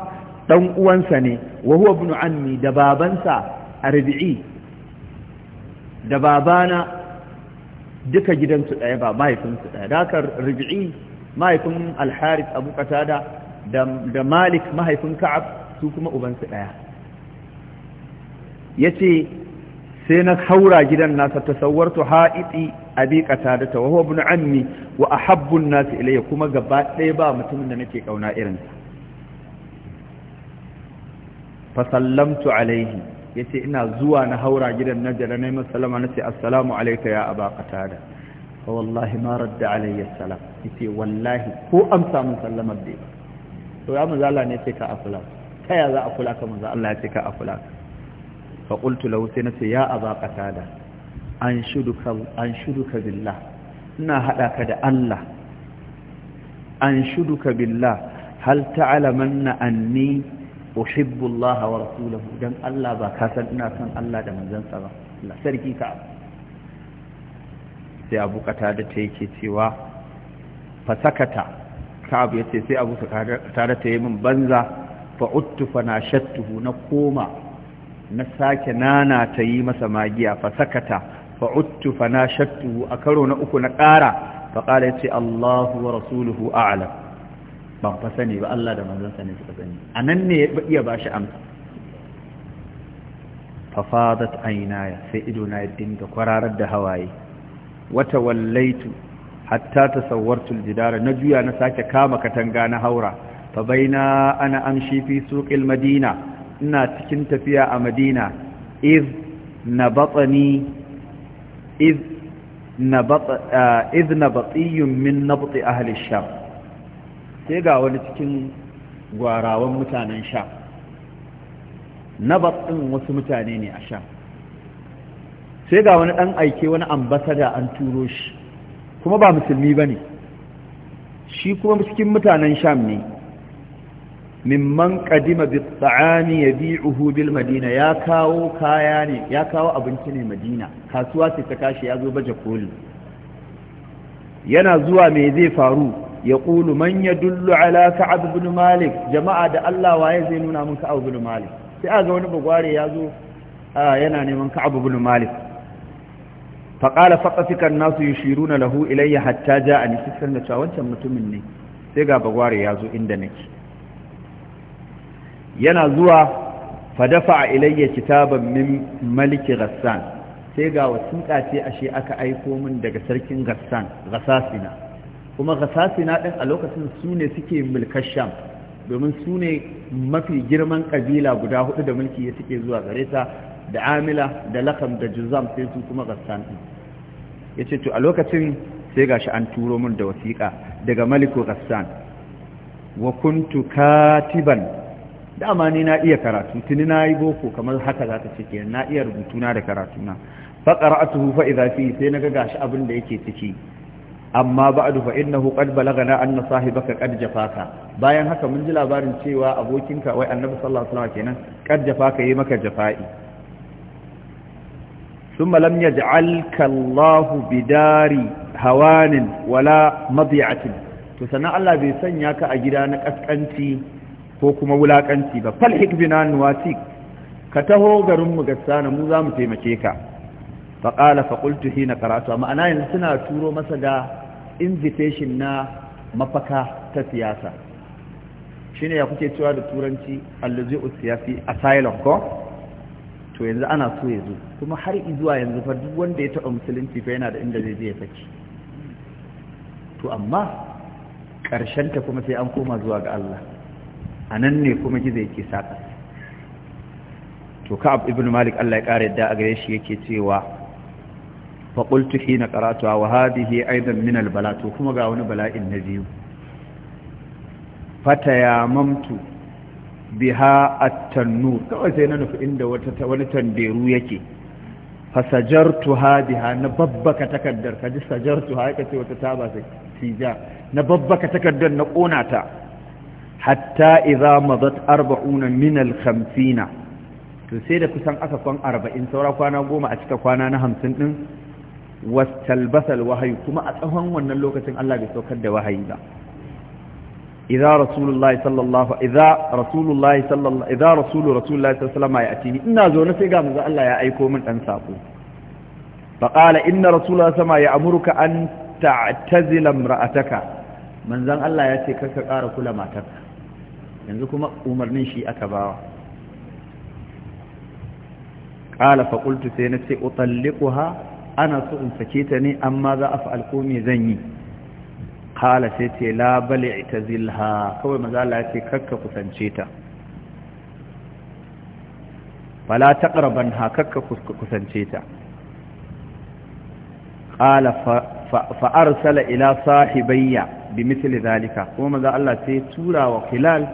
dan uwansa ne wa huwa ibn ammi da babansa rabi'i da babana duka gidansu ɗaya ba mahaifinsu daya. da haka rabi'i mahaifin alharis abu katada da malik mahaifin ka'ab su kuma ubansu ɗaya ya ce sai na haura gidan nasa tasawartu ha'iti abi qatada ta wa huwa ibn ammi wa a an-nas ilayya kuma gaba ɗaya ba mutumin da nake ƙauna irin sa fa sallamtu alayhi yace ina zuwa na haura gidan na jira nayi masa sallama nace assalamu alayka ya aba da, fa wallahi ma radda alayya assalam yace wallahi ko amsa mun sallamar ba, to ya manzala ne sai ka afla ta ya za a kula ka manzo Allah ya ce ka a kula ka fa qultu lahu sai nace ya aba qatada an shuduka an shuduka billah ina hada ka da Allah an shuduka billah hal ta'lamanna anni uhibbu Allah wa rasulahu dan Allah ba ka san ina son Allah da manzon sa ba Allah sarki ka sai Abu Qatada ta yake cewa sakata. ka abu yace sai Abu Qatada ta yi min banza fa'uttu fa na shattuhu na koma na sake nana ta yi masa magiya fa sakata fa'uttu fa na shattuhu a karo na uku na ƙara fa ƙara ya ce Allahu wa rasuluhu a'alam ban fa sani ba Allah da manzansa ne suka sani a nan ne ya iya ba shi amsa Fa fafadat ainaya sai ido na ya dinga kwararar da hawaye wata wallaitu hatta tasawwartu aljidara na juya na sake kama katanga na haura fa baina ana amshi fi suqil madina ina cikin tafiya a madina iz nabatani iz nabat iz nabatiyun min nabt ahli sham sai ga wani cikin gwarawan mutanen sham nabat din wasu mutane ne a sham sai ga wani ɗan aike wani ambasada an turo shi kuma ba musulmi ba ne shi kuma cikin mutanen sham ne mimman kadima bi tsa'ani ya bi'uhu bil madina ya kawo kaya ne ya kawo abinci ne madina kasuwa ce ta kashi ya zo baje koli yana zuwa me zai faru ya ƙulu man ya ala ka'ab ibn malik jama'a da Allah waye zai nuna mun ka'ab ibn malik sai aga wani bagware ya zo yana neman ka'ab ibn malik fa qala faqafika an-nasu yushiruna lahu ilayya hatta ja'ani wancan mutumin ne sai ga bagware ya zo inda nake yana zuwa fadafa ilayya kitaban min maliki ghassan sai ga wasiƙa ce ashe aka aiko min daga sarkin ghassan ghassasina kuma ghassasina din a lokacin sune suke mulkar sham domin sune mafi girman kabila guda hudu da mulki ya suke zuwa gare ta da amila da lakam da juzam sai su kuma ghassan ya ce to a lokacin sai gashi an turo min da wasiƙa daga maliku ghassan wa kuntu katiban dama ni na iya karatu tuni na yi boko kamar haka za ta ce kenan na iya rubutu na da karatuna fa qara'atuhu fa idza fi sai naga gashi abin da yake ciki amma ba'du fa innahu qad balagana anna sahibaka qad jafaka bayan haka mun ji labarin cewa abokinka wai annabi sallallahu alaihi wasallam kenan qad jafaka yi maka jafa'i thumma lam yaj'alka Allahu bidari hawanin wala madi'atin to sanan Allah bai sanya ka a gida na kaskanci ko kuma wulakanci ba fal hikbina nuwasi ka taho garin mu gassana mu za mu taimake ka fa qala fa qultu hina qara'tu ma'ana yanzu suna turo masa da invitation na mafaka ta siyasa shine ya kuke cewa da turanci allazi'u siyasi asylum ko to yanzu ana so ya kuma har zuwa yanzu fa duk wanda ya taba musulunci fa yana da inda zai je ya saki to amma karshen ta kuma sai an koma zuwa ga Allah a nan ne kuma gizo yake saƙa to ka abu ibn malik Allah ya ƙara yadda a gare shi yake cewa fa na hina qara'tuha wa hadhihi aizan min albala to kuma ga wani bala'in na biyu bi biha a Tannu. kawai sai na nufi inda wani tanderu yake bi biha na babbaka takardar kaji ha ya kace wata taba sai sija na babbaka takardar na ƙona ta hatta idza madat 40 min al to sai da kusan aka kwan arba'in saura kwana goma a cika kwana na hamsin din wastalbasa wahayi kuma a tsawon wannan lokacin Allah bai saukar da wahayi ba idza rasulullahi sallallahu idza rasulullahi sallallahu idza rasulu rasulullahi sallallahu alaihi wasallam ina zo na sai ga manzo Allah ya aiko min dan sako fa inna rasulullahi sama ya amuruka an ta'tazila imra'ataka manzon Allah ya ce karka kara kula matarka yanzu kuma umarnin shi aka bawa qala fa qultu sai nace utalliquha ana so in sake ta ne amma za a fa'al ko zan yi ƙala sai ce la bal i'tazilha kawai maza Allah ya ce kakka kusance ta fala taqraban ha kakka kusance ta ƙala fa arsala ila sahibayya bimithli zalika kuma maza Allah sai tura wa filal.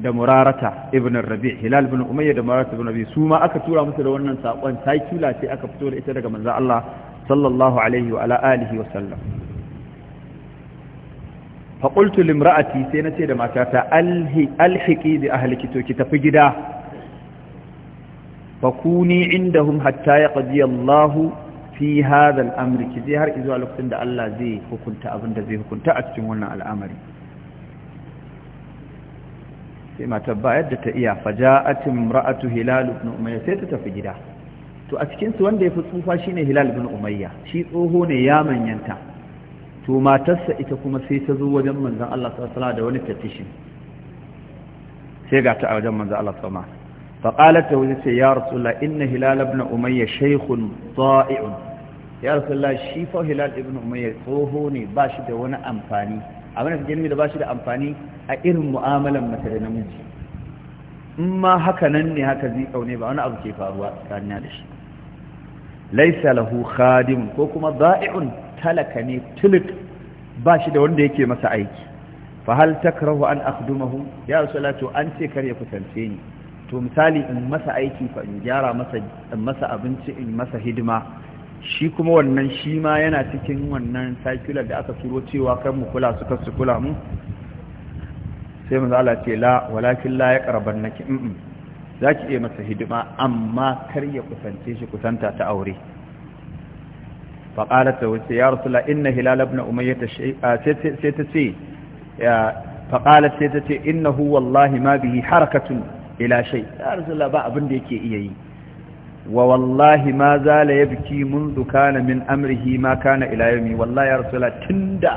da murarata ibn rabi hilal ibn umayya da murarata ibn rabi su ma aka tura musu da wannan sakon takila sai aka fito da ita daga manzo Allah sallallahu alaihi wa ala alihi wa sallam fa qultu limra'ati sai nace da matata alhi alhiqi bi ahli ki tafi gida fa kuni indahum hatta yaqdi Allah fi hadha al-amr ki je har izuwa lokacin da Allah zai hukunta abinda zai hukunta a cikin wannan al'amari sai matar ba yadda ta iya faja'atin ra'atu hilal ibn umayya sai ta tafi gida to a cikin su wanda fi tsufa shine hilal ibn umayya shi tsoho ne ya manyanta to matarsa ita kuma sai ta zo wajen manzon Allah sallallahu alaihi da wani petition sai ga ta a wajen manzon Allah sallallahu alaihi wasallam faqalat ta wajen sai ya rasulullah inna hilal ibn umayya shaykhun da'i'un ya rasulullah shi fa hilal ibn umayya tsoho ne ba shi da wani amfani abin da girmi da ba shi da amfani a irin mu'amalan mace da namiji in ma haka nan ne haka zai kaune ba wani abu ke faruwa tsakanin da shi laisa lahu khadim ko kuma za'i'un talaka ne tuluk ba shi da wanda yake masa aiki fa hal takrahu an akhdumahu ya salatu an ce kar ya kusance ni to misali in masa aiki fa in gyara masa in masa abinci in masa hidima shi kuma wannan shi ma yana cikin wannan circular da aka turo cewa kan mu kula suka su kula mu sai manzo Allah ce la walakin la ya yaqraban naki mm zaki iya masa hidima amma kar ya kusance shi kusanta ta aure fa qalat wa ya rasulullah inna hilal ibn umayyah sai ta ce fa qalat sai ta ce innahu wallahi ma bihi harakatun ila shay ya rasulullah ba abin da yake iya yi Wa ووالله ما زال يبكي منذ كان من أمره ما كان إلى يومي Wallahi ya رسول الله تندع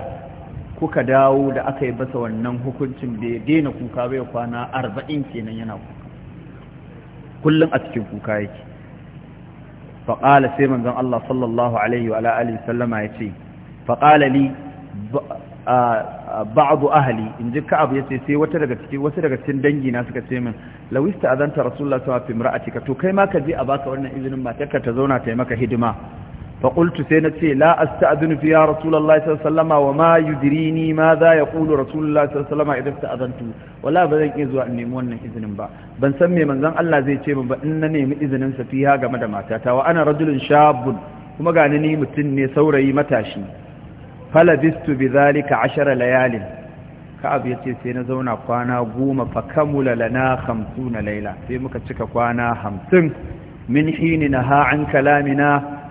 kuka dawo da aka yi basa wannan hukuncin da ya daina kuka bai kwana arba'in kenan yana kuka kullum a cikin kuka yake faƙala sai manzon Allah sallallahu alaihi wa alihi sallama ya ce faƙala li ba'adu ahali in ji ka'ab ya ce sai wata daga wasu daga cikin dangi na suka ce min lawista azanta rasulullah sallallahu alaihi wasallam to kai ma ka je a baka wannan izinin matarka ta zauna ta yi maka hidima fa qultu sai nace la asta'dinu fi ya rasulullah sallallahu alaihi wasallam wa ma yudrini ma za yaqulu rasulullah sallallahu alaihi wasallam idan sta'adantu wala ba zan iya zuwa in nemi wannan izinin ba ban san me manzon Allah zai ce min ba in na nemi izinin sa fiha game da matata wa ana rajulun shabun kuma gani ni mutum ne saurayi matashi falabistu bi zalika ashara layalin ka'ab yace sai na zauna kwana goma fa kamula lana 50 laila sai muka cika kwana 50 min hinina na an kalamina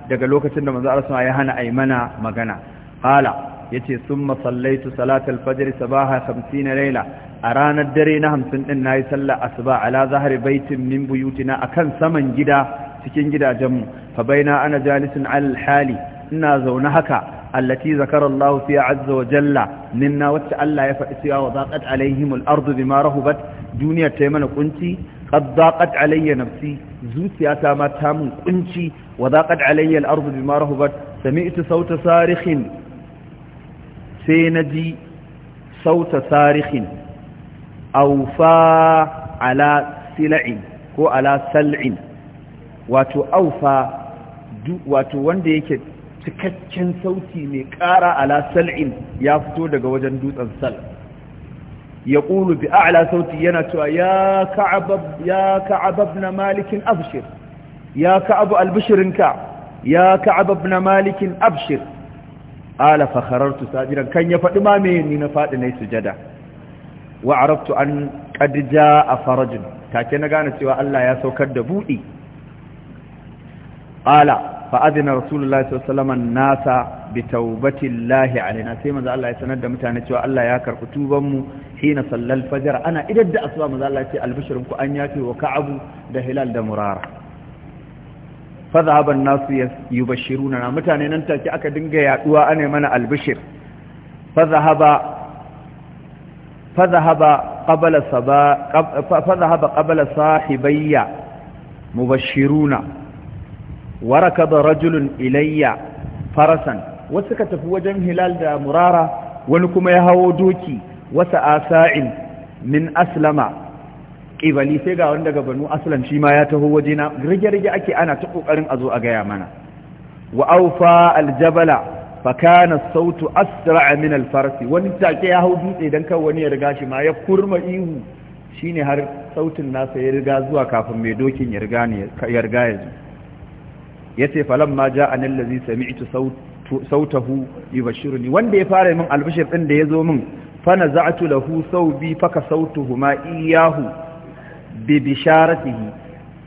daga lokacin da manzo Allah ya hana ai mana magana qala yace sun sallaitu salatal fajr sabaha 50 laila a ranar dare na hamsin din nayi sallar asuba ala zahri baitin min buyutina kan saman gida cikin gidajenmu fa baina ana jalisun alhali ina zaune haka allati zakara Allah fi azza wa jalla minna wacce Allah ya faɗi cewa wa zaqat alaihim al-ardu bima rahubat duniya ta yi mana kunci qad zaqat alayya nafsi zuciyata ma ta mun kunci wa zaqat alayya al-ardu bima rahubat sauta sarikhin sai sauta fa ala sil'in ko ala wato wato wanda yake cikakken sauti mai ƙara ala sal'in ya fito daga wajen dutsen sal ya ƙulu bi a'la sauti yana cewa ya ka'abab na malikin abshir ya ka'abu albishirinka ya ka'abab na malikin abshir ala fakharartu sajidan kan ya faɗi ma me ni faɗi na sujada wa arabtu an ƙadija a farajin take na gane cewa Allah ya saukar da buɗi. ala fa'adina rasulullahi sallallahu alaihi nasa bi taubatillahi alaina sai manzo Allah ya sanar da mutane cewa Allah ya karbi tuban mu hina sallal fajr ana idan da asuba manzo Allah ya ku an yafi wa ka'abu da hilal da murara fa dhahaba an-nasu yubashiruna mutane nan take aka dinga yaduwa ana mana albishir fa dhahaba mubashiruna waraka da rajulun ilayya farasan wasu ka tafi wajen hilal da murara wani kuma ya hawo doki wasa asa'in min aslama ƙibali sai ga wani daga banu aslan shi ma ya taho wajena rage-rage ake ana ta ƙoƙarin a zo a gaya mana wa aufa aljabala fa kana sautu asra'a min alfarsi wani take ya hau dutse dan kan wani ya riga shi ma ya kurma ihu shine har sautin nasa ya riga zuwa kafin mai dokin ya riga ya zo yace falamma ja'ani allazi sami'tu sautahu yubashiruni wanda ya fara min albashir din da yazo min fana naza'tu lahu saubi faka sautuhu ma iyahu bi bisharatihi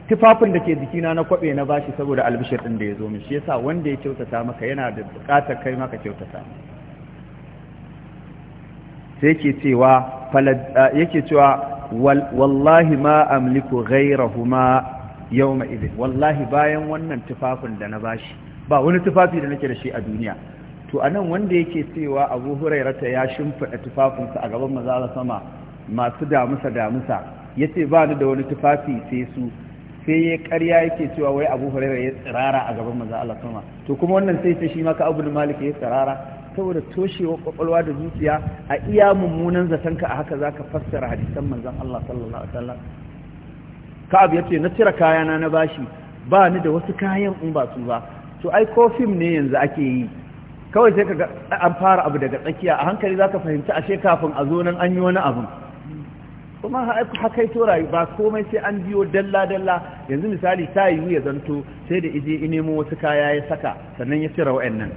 tufafin da ke jikina na kwabe na bashi saboda albishir din da yazo min shi yasa wanda ya kyautata maka yana da bukatar kai maka kyautata sai yake cewa yake cewa wallahi ma amliku ghayrahuma yau ma'izin wallahi bayan wannan tufafin da na bashi ba wani tufafi da nake da shi a duniya to anan wanda yake cewa abu hurairata ya shimfiɗa tufafinsa a gaban maza sama masu damusa damusa ya ce ba ni da wani tufafi sai su sai ya karya yake cewa wai abu Hurairah ya tsirara a gaban maza Allah sama to kuma wannan sai sai shi maka abu malik ya tsirara saboda toshewa kwakwalwa da zuciya a iya mummunan zaton a haka zaka fassara hadisan manzon Allah sallallahu alaihi wasallam ka'ab ya ce na cire kayana na bashi ba ni da wasu kayan in ba su ba to ai ko fim ne yanzu ake yi kawai sai ka an fara abu daga tsakiya a hankali za ka fahimci ashe kafin a zo nan an yi wani abu kuma haka to rayu ba komai sai an biyo dalla-dalla yanzu misali ta yiwu ya zanto sai da ije nemo wasu kaya ya saka sannan ya cire wa'annan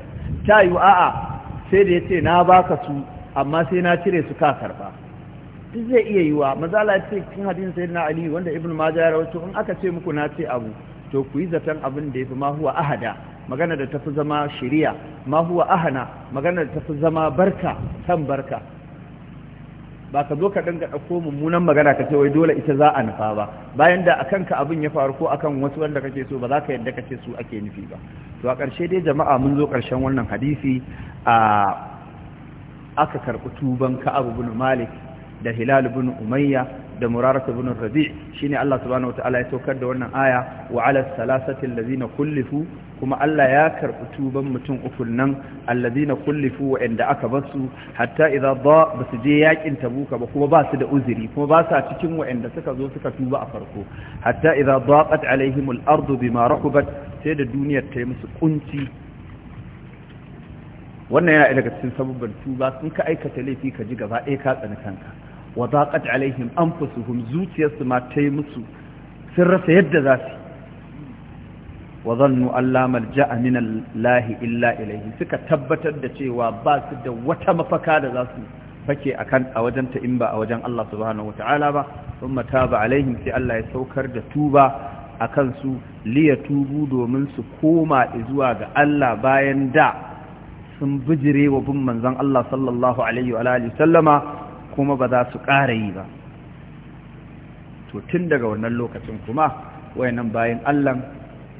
ta yiwu a'a sai da ya ce na baka su amma sai na cire su ka karba duk zai iya yi maza Allah ce cikin sai na Ali wanda Ibn Majah ya rawaito in aka ce muku na ce abu to ku yi zaton abin da yafi ma huwa ahada magana da tafi zama shiriya ma huwa ahana magana da tafi zama barka san barka ba ka zo ka dinga ɗauko mummunan magana ka ce wai dole ita za a nufa ba bayan da akan ka abin ya faru ko akan wasu wanda kake so ba za ka yadda kace su ake nufi ba to a ƙarshe dai jama'a mun zo ƙarshen wannan hadisi a aka karɓi tuban ka abu bin malik da hilal bin umayya da murarat ibn rabi' shine Allah subhanahu wataala ya saukar da wannan aya wa ala salasati allazina kullifu kuma Allah ya karbi tuban mutum ukul nan allazina kullifu wa inda aka basu hatta idza ba basu je yakin tabuka ba kuma ba su da uzuri kuma ba sa cikin wa'anda suka zo suka tuba a farko hatta idza daqat alaihim al-ardu bima rahubat sai da duniyar ta yi musu kunci wannan yana daga cikin sabubban tuba sun ka aikata laifi ka ji gaba ɗaya ka tsani kanka wa zaqat alaihim anfusuhum zuciyarsu ma ta yi musu sun rasa yadda za su wa zannu Allah malja'a min Allah illa ilaihi suka tabbatar da cewa ba su da wata mafaka da za su fake akan a wajen ta in ba a wajen Allah subhanahu wataala ba mata ba alaihim sai Allah ya saukar da tuba kan su liya tubu domin su koma zuwa ga Allah bayan da sun bijire wa bin manzon Allah sallallahu alaihi wa alihi sallama kuma ba za su ƙara yi ba to tun daga wannan lokacin kuma wayannan bayan allan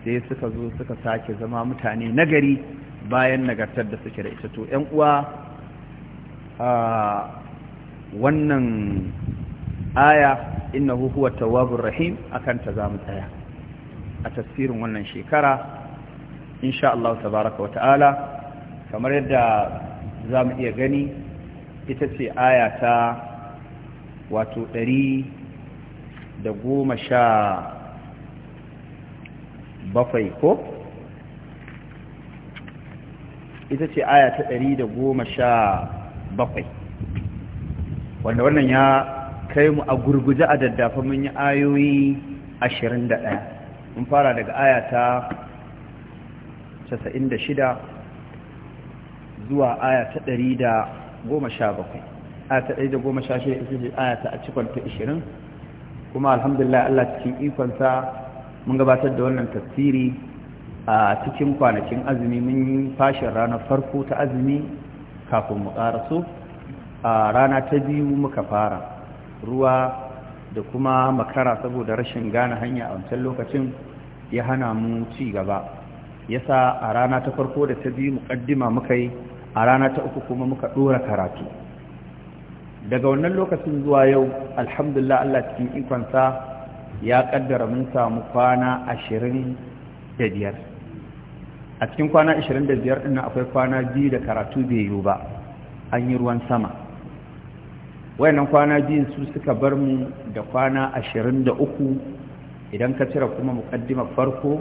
sai suka zo suka sake zama mutane nagari bayan nagartar da suke da ita to ‘yan uwa wannan aya innahu huwa tawwabur rahim akan ta zamu tsaya a tafsirin wannan shekara insha Allah tabaaraka wa ta'ala kamar yadda zamu iya gani ita ce aya ta wato ɗari da goma sha bakwai ko ita ce aya ta ɗari da goma sha bakwai wanda wannan ya kai mu a gurguje a daddafa mun yi ayoyi ashirin da ɗaya mun fara daga aya ta casa'in da shida zuwa aya ta ɗari da goma sha bakwai a ta ɗaya da goma sha shi ne a cikon ta ishirin kuma alhamdulillah Allah cikin ikonsa mun gabatar da wannan tafsiri a cikin kwanakin azumi mun yi fashin ranar farko ta azumi kafin mu so a rana ta biyu muka fara ruwa da kuma makara saboda rashin gane hanya a wancan lokacin ya hana mu ci gaba yasa a rana ta farko da ta biyu muka yi a rana ta uku kuma muka ɗora karatu daga wannan lokacin zuwa yau alhamdulillah Allah cikin ikonsa ya ƙaddara mun samu kwana ashirin da biyar a cikin kwana ashirin da biyar ɗin akwai kwana biyu da karatu bai yiwu ba an yi ruwan sama wayannan kwana biyun su suka bar mu da kwana ashirin da uku idan ka cire kuma ƙaddima farko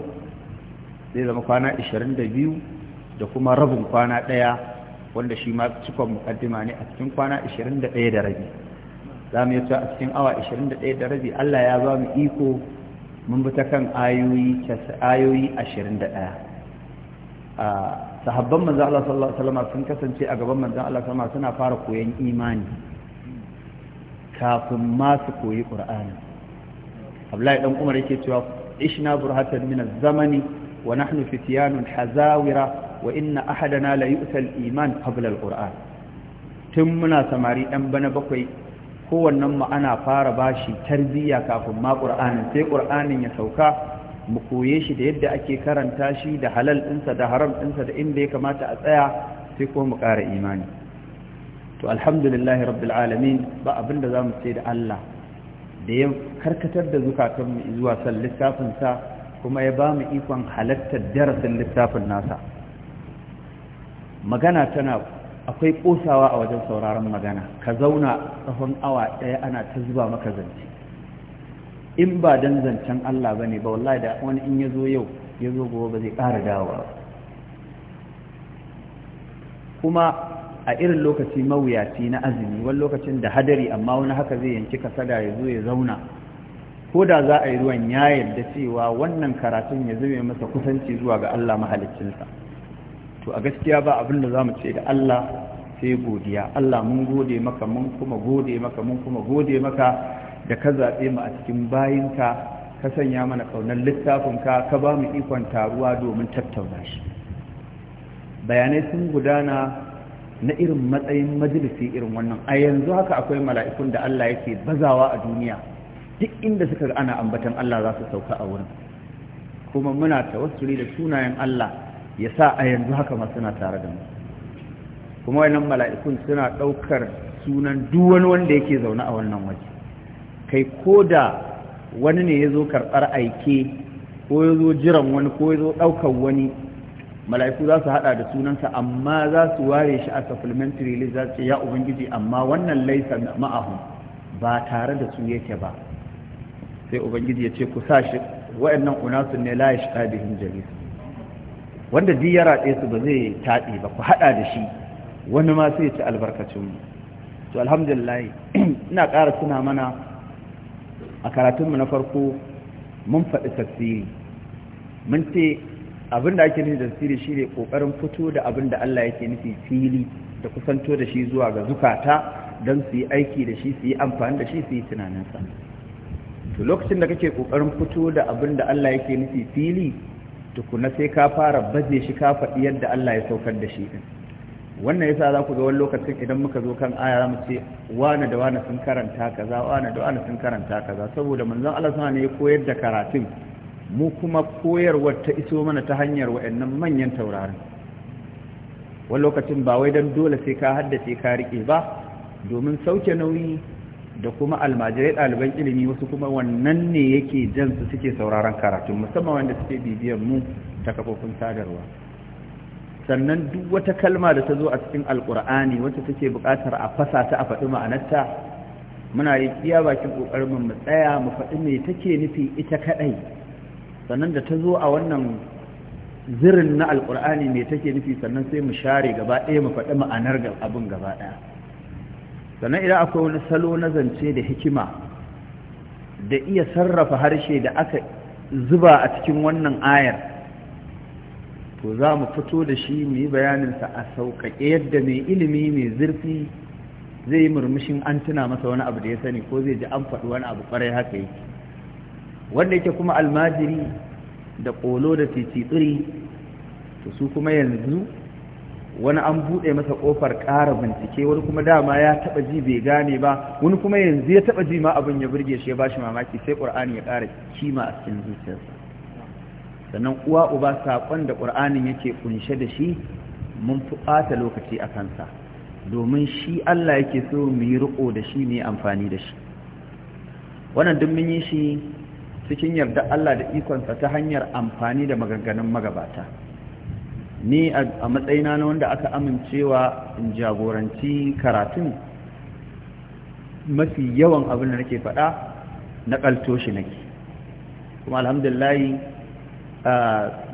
zai zama kwana ashirin da biyu da kuma rabin kwana ɗaya wanda shi ma cikon mukaddima ne a cikin kwana 21 da rabi za mu yi a cikin awa 21 da rabi Allah ya ba mu iko mun bi ta kan ayoyi ayoyi 21 a sahabban manzo Allah sallallahu alaihi wasallam sun kasance a gaban manzo Allah sama suna fara koyon imani kafin ma su koyi Qur'ani Abdullahi dan Umar yake cewa ishna burhatan min az-zamani wa nahnu fityanun hazawira wa inna ahadana la yu'tal iman qabla qur'an tun muna samari ɗan bana bakwai kowannen mu ana fara bashi tarbiyya kafin ma qur'anin sai qur'anin ya sauka mu koye shi da yadda ake karanta shi da halal ɗinsa da haram ɗinsa da inda ya kamata a tsaya sai kuma mu ƙara imani to alhamdulillahi rabbil alamin ba abinda da zamu ce da Allah da ya karkatar da zukatanmu zuwa san littafin sa kuma ya ba mu ikon halattar darasin littafin nasa magana tana akwai kosawa a wajen sauraron magana ka zauna tsawon awa ɗaya ana ta zuba maka zance in ba dan zancen Allah ba ne ba wallahi da wani in ya zo yau ya zo gobe ba zai ƙara dawowa kuma a irin lokaci mawuyaci na azumi wani lokacin da hadari amma wani haka zai yanki kasada ya zo ya zauna ko da za a yi ruwan ya yarda cewa wannan karatun ya zube masa kusanci zuwa ga Allah mahaliccinsa to a gaskiya ba abin da za mu ce da Allah sai godiya Allah mun gode maka mun kuma gode maka mun kuma gode maka da ka zaɓe mu a cikin bayinka ka sanya mana kaunar littafin ka ba mu ikon taruwa domin tattauna shi bayanai sun gudana na irin matsayin majalisi irin wannan a yanzu haka akwai mala'ikun da Allah yake bazawa a duniya duk inda suka ga ana ambatan Allah za su sauka a wurin kuma muna tawassuli da sunayen Allah ya sa a yanzu haka ma suna tare da mu kuma wannan mala'ikun suna ɗaukar sunan duk wani wanda yake zaune a wannan waje kai ko da wani ne ya zo karɓar aike ko ya zo jiran wani ko ya zo ɗaukar wani mala'iku za su haɗa da sunansa amma za su ware shi a supplementary list za su ya ubangiji amma wannan laisa ma'ahu ba tare da su yake ba sai ubangiji ya ce ku sa shi wa'annan unasun ne la shiga bihim wanda duk ya raɗe su ba zai taɗi ba ku haɗa da shi wani ma sai ci albarkacinmu to alhamdulillah ina ƙara suna mana a karatunmu na farko mun faɗi tafsiri mun ce abin da ake nufi da tafsiri shi ne ƙoƙarin fito da abin da Allah yake nufi fili da kusanto da shi zuwa ga zukata don su yi aiki da shi su yi amfani da shi su yi tunaninsa to lokacin da kake ƙoƙarin fito da abin da Allah yake nufi fili tukuna sai ka fara baje shi ka faɗi yadda Allah ya saukar da shi din wannan yasa za ku ga wani lokacin idan muka zo kan aya za mu ce wane da wane sun karanta kaza wane da wane sun karanta kaza saboda manzon Allah sana ne ya koyar da karatun mu kuma koyarwar ta iso mana ta hanyar waɗannan manyan taurarin wani lokacin ba wai don dole sai ka haddace ka rike ba domin sauke nauyi da kuma almajirai ɗaliban ilimi wasu kuma wannan ne yake jan su suke sauraron karatu musamman wanda suke bibiyar mu ta kafofin sadarwa sannan duk wata kalma da ta zo a cikin alkur'ani wata take buƙatar a fasa ta a faɗi ma'anarta muna yi iya bakin ƙoƙarin mu tsaya mu faɗi me take nufi ita kaɗai sannan da ta zo a wannan zirin na alkur'ani me take nufi sannan sai mu share gaba ɗaya mu faɗi ma'anar abin gaba ɗaya sannan idan akwai wani salo na zance da hikima da iya sarrafa harshe da aka zuba a cikin wannan ayar to za mu fito da shi mu yi bayaninsa a sauƙaƙe yadda mai ilimi mai zurfi zai yi murmushin an tuna masa wani abu da ya sani ko zai ji an faɗi wani abu ƙwarai haka yake wanda yake kuma almajiri da ƙolo da titi to su kuma yanzu wani an buɗe masa ƙofar ƙara bincike wani kuma dama ya taɓa ji bai gane ba wani kuma yanzu ya taɓa ji ma abin ya burge shi ya ba shi mamaki sai ƙur'ani ya ƙara kima a cikin zuciyarsa sannan uwa uba saƙon da ƙur'anin yake ƙunshe da shi mun fi ɓata lokaci a kansa domin shi Allah yake so mu yi riƙo da shi mu yi amfani da shi wannan duk mun yi shi cikin yarda Allah da ikonsa ta hanyar amfani da maganganun magabata ni a matsayina na wanda aka amincewa in jagoranci karatun mafi yawan abin da nake faɗa na ƙalto shi nake kuma alhamdulillahi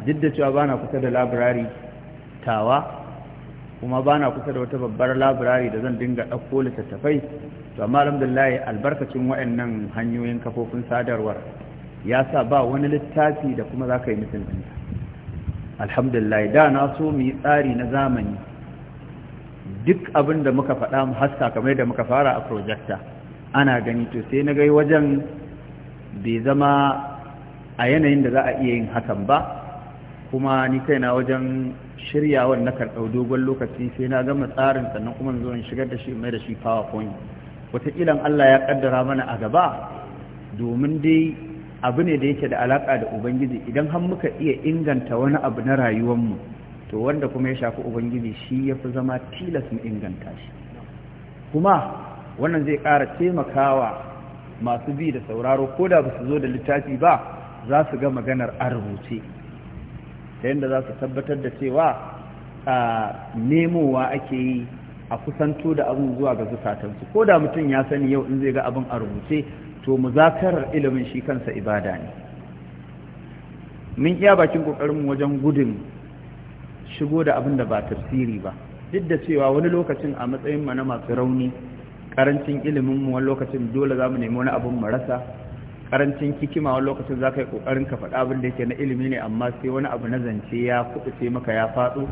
duk da cewa ba na kusa da labirari tawa kuma ba na kusa da wata babbar labirari da zan dinga ɗauko littattafai to amma alhamdulillahi albarkacin waɗannan hanyoyin kafofin sadarwar ya sa ba wani littafi da kuma za ka yi mutum ɗinta alhamdulillah da na so mu yi tsari na zamani duk abin da muka faɗa mu haska kamar da muka fara a projector ana gani to sai na ga wajen bai zama a yanayin da za a iya yin hakan ba kuma ni kai na wajen shiryawar na karɓar dogon lokaci sai na gama tsarin sannan kuma zo in shigar da shi mai da shi powerpoint wataƙila Allah ya ƙaddara mana a gaba domin dai abu ne da yake da alaƙa da ubangiji idan har muka iya inganta wani abu na rayuwarmu to wanda kuma ya shafi ubangiji shi ya fi zama tilas mu inganta shi kuma wannan zai ƙara taimakawa masu bi da sauraro ko da ba su zo da littafi ba za su ga maganar a rubuce ta yadda za su tabbatar da cewa a nemowa ake yi a kusanto da abin zuwa ga zukatansu ko da mutum ya sani yau in zai ga abin a rubuce to muzakarar ilimin shi kansa ibada ne mun iya bakin ƙoƙarinmu wajen gudun shigo da abin da ba tafsiri ba duk da cewa wani lokacin a matsayin na masu rauni karancin ilimin mu wani lokacin dole za mu nemi wani abin mu rasa karancin hikima wani lokacin za ka yi kokarin ka faɗa abin da yake na ilimi ne amma sai wani abu na zance ya sai maka ya faɗo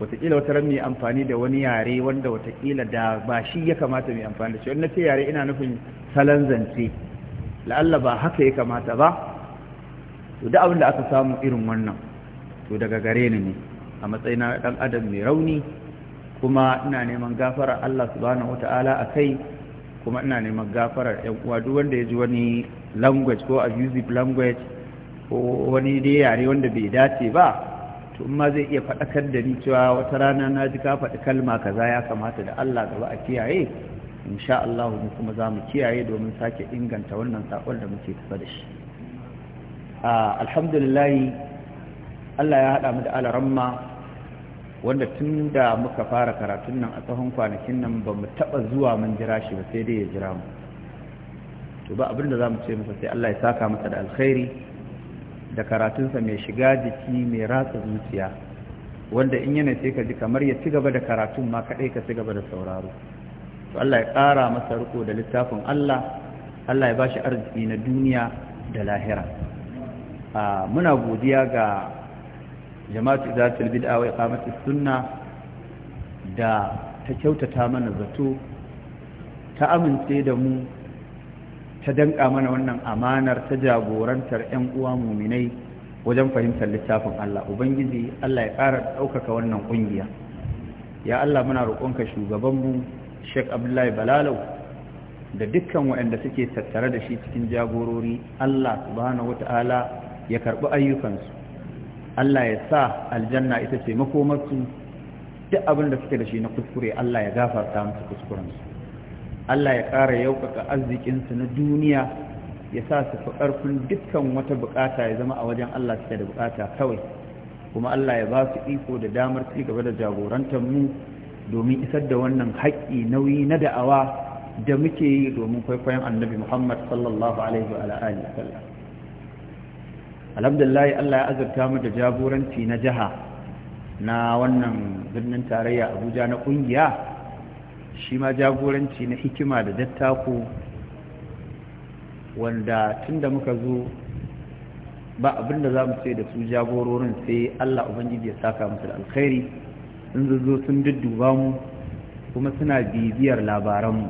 wataƙila wata ran mai amfani da wani yare wanda wataƙila da ba shi ya kamata mai amfani da shi wani ce yare ina nufin salon zance la'alla ba haka ya kamata ba to da abin aka samu irin wannan to daga gare ni ne a matsayin ɗan adam mai rauni kuma ina neman gafara Allah subhanahu wata'ala a kai kuma ina neman gafarar yan uwa duk wanda ya ji wani language ko abusive language ko wani dai yare wanda bai dace ba to ma zai iya faɗakar da ni cewa wata rana na ji ka faɗi kalma kaza ya kamata da Allah gaba a kiyaye insha Allah mu kuma za mu kiyaye domin sake inganta wannan sakon da muke tafa da shi alhamdulillah Allah ya haɗa mu da alaramma wanda tun da muka fara karatun nan a tsohon kwanakin nan ba mu taɓa zuwa mun jira shi ba sai dai ya jira mu to ba abinda za mu ce masa sai Allah ya saka masa da alkhairi da karatunsa mai shiga jiki mai ratsa zuciya wanda in yana sai ka ji kamar ya ci gaba da karatun ma kaɗai ka ci gaba da sauraro to Allah ya ƙara masa riko da littafin Allah Allah ya ba shi arziki na duniya da lahira muna godiya ga jama'atu ta bid'a wa iqamatus sunna da ta kyautata mana zato ta amince da mu ta danka mana wannan amanar ta jagorantar 'yan uwa muminai wajen fahimtar littafin Allah ubangiji Allah ya ƙara ɗaukaka wannan ƙungiya ya Allah muna roƙonka shugabanmu Sheikh Abdullahi Balalau da dukkan waɗanda suke tattare da shi cikin jagorori Allah subhanahu wata'ala ya karɓi ayyukansu Allah ya sa aljanna ita ce makomarsu duk abin da suke da shi na kuskure Allah ya gafarta musu kuskurensu Allah ya ƙara yaukaka arzikinsu na duniya ya sa su fi ƙarfin dukkan wata bukata ya zama a wajen Allah suke da bukata kawai kuma Allah ya ba su iko da damar ci gaba da jagorantar mu domin isar da wannan haƙƙi nauyi na da'awa da muke yi domin kwaikwayon annabi Muhammad sallallahu alaihi wa alihi wa sallam alhamdulillah Allah ya azurta mu da jagoranci na jiha na wannan birnin tarayya Abuja na kungiya shi ma jagoranci na hikima da dattako wanda tun da muka zo ba abin da za mu ce da su jagororin sai Allah Ubangiji ya saka musu da alkhairi sun zo sun dudduba mu kuma suna bibiyar labaranmu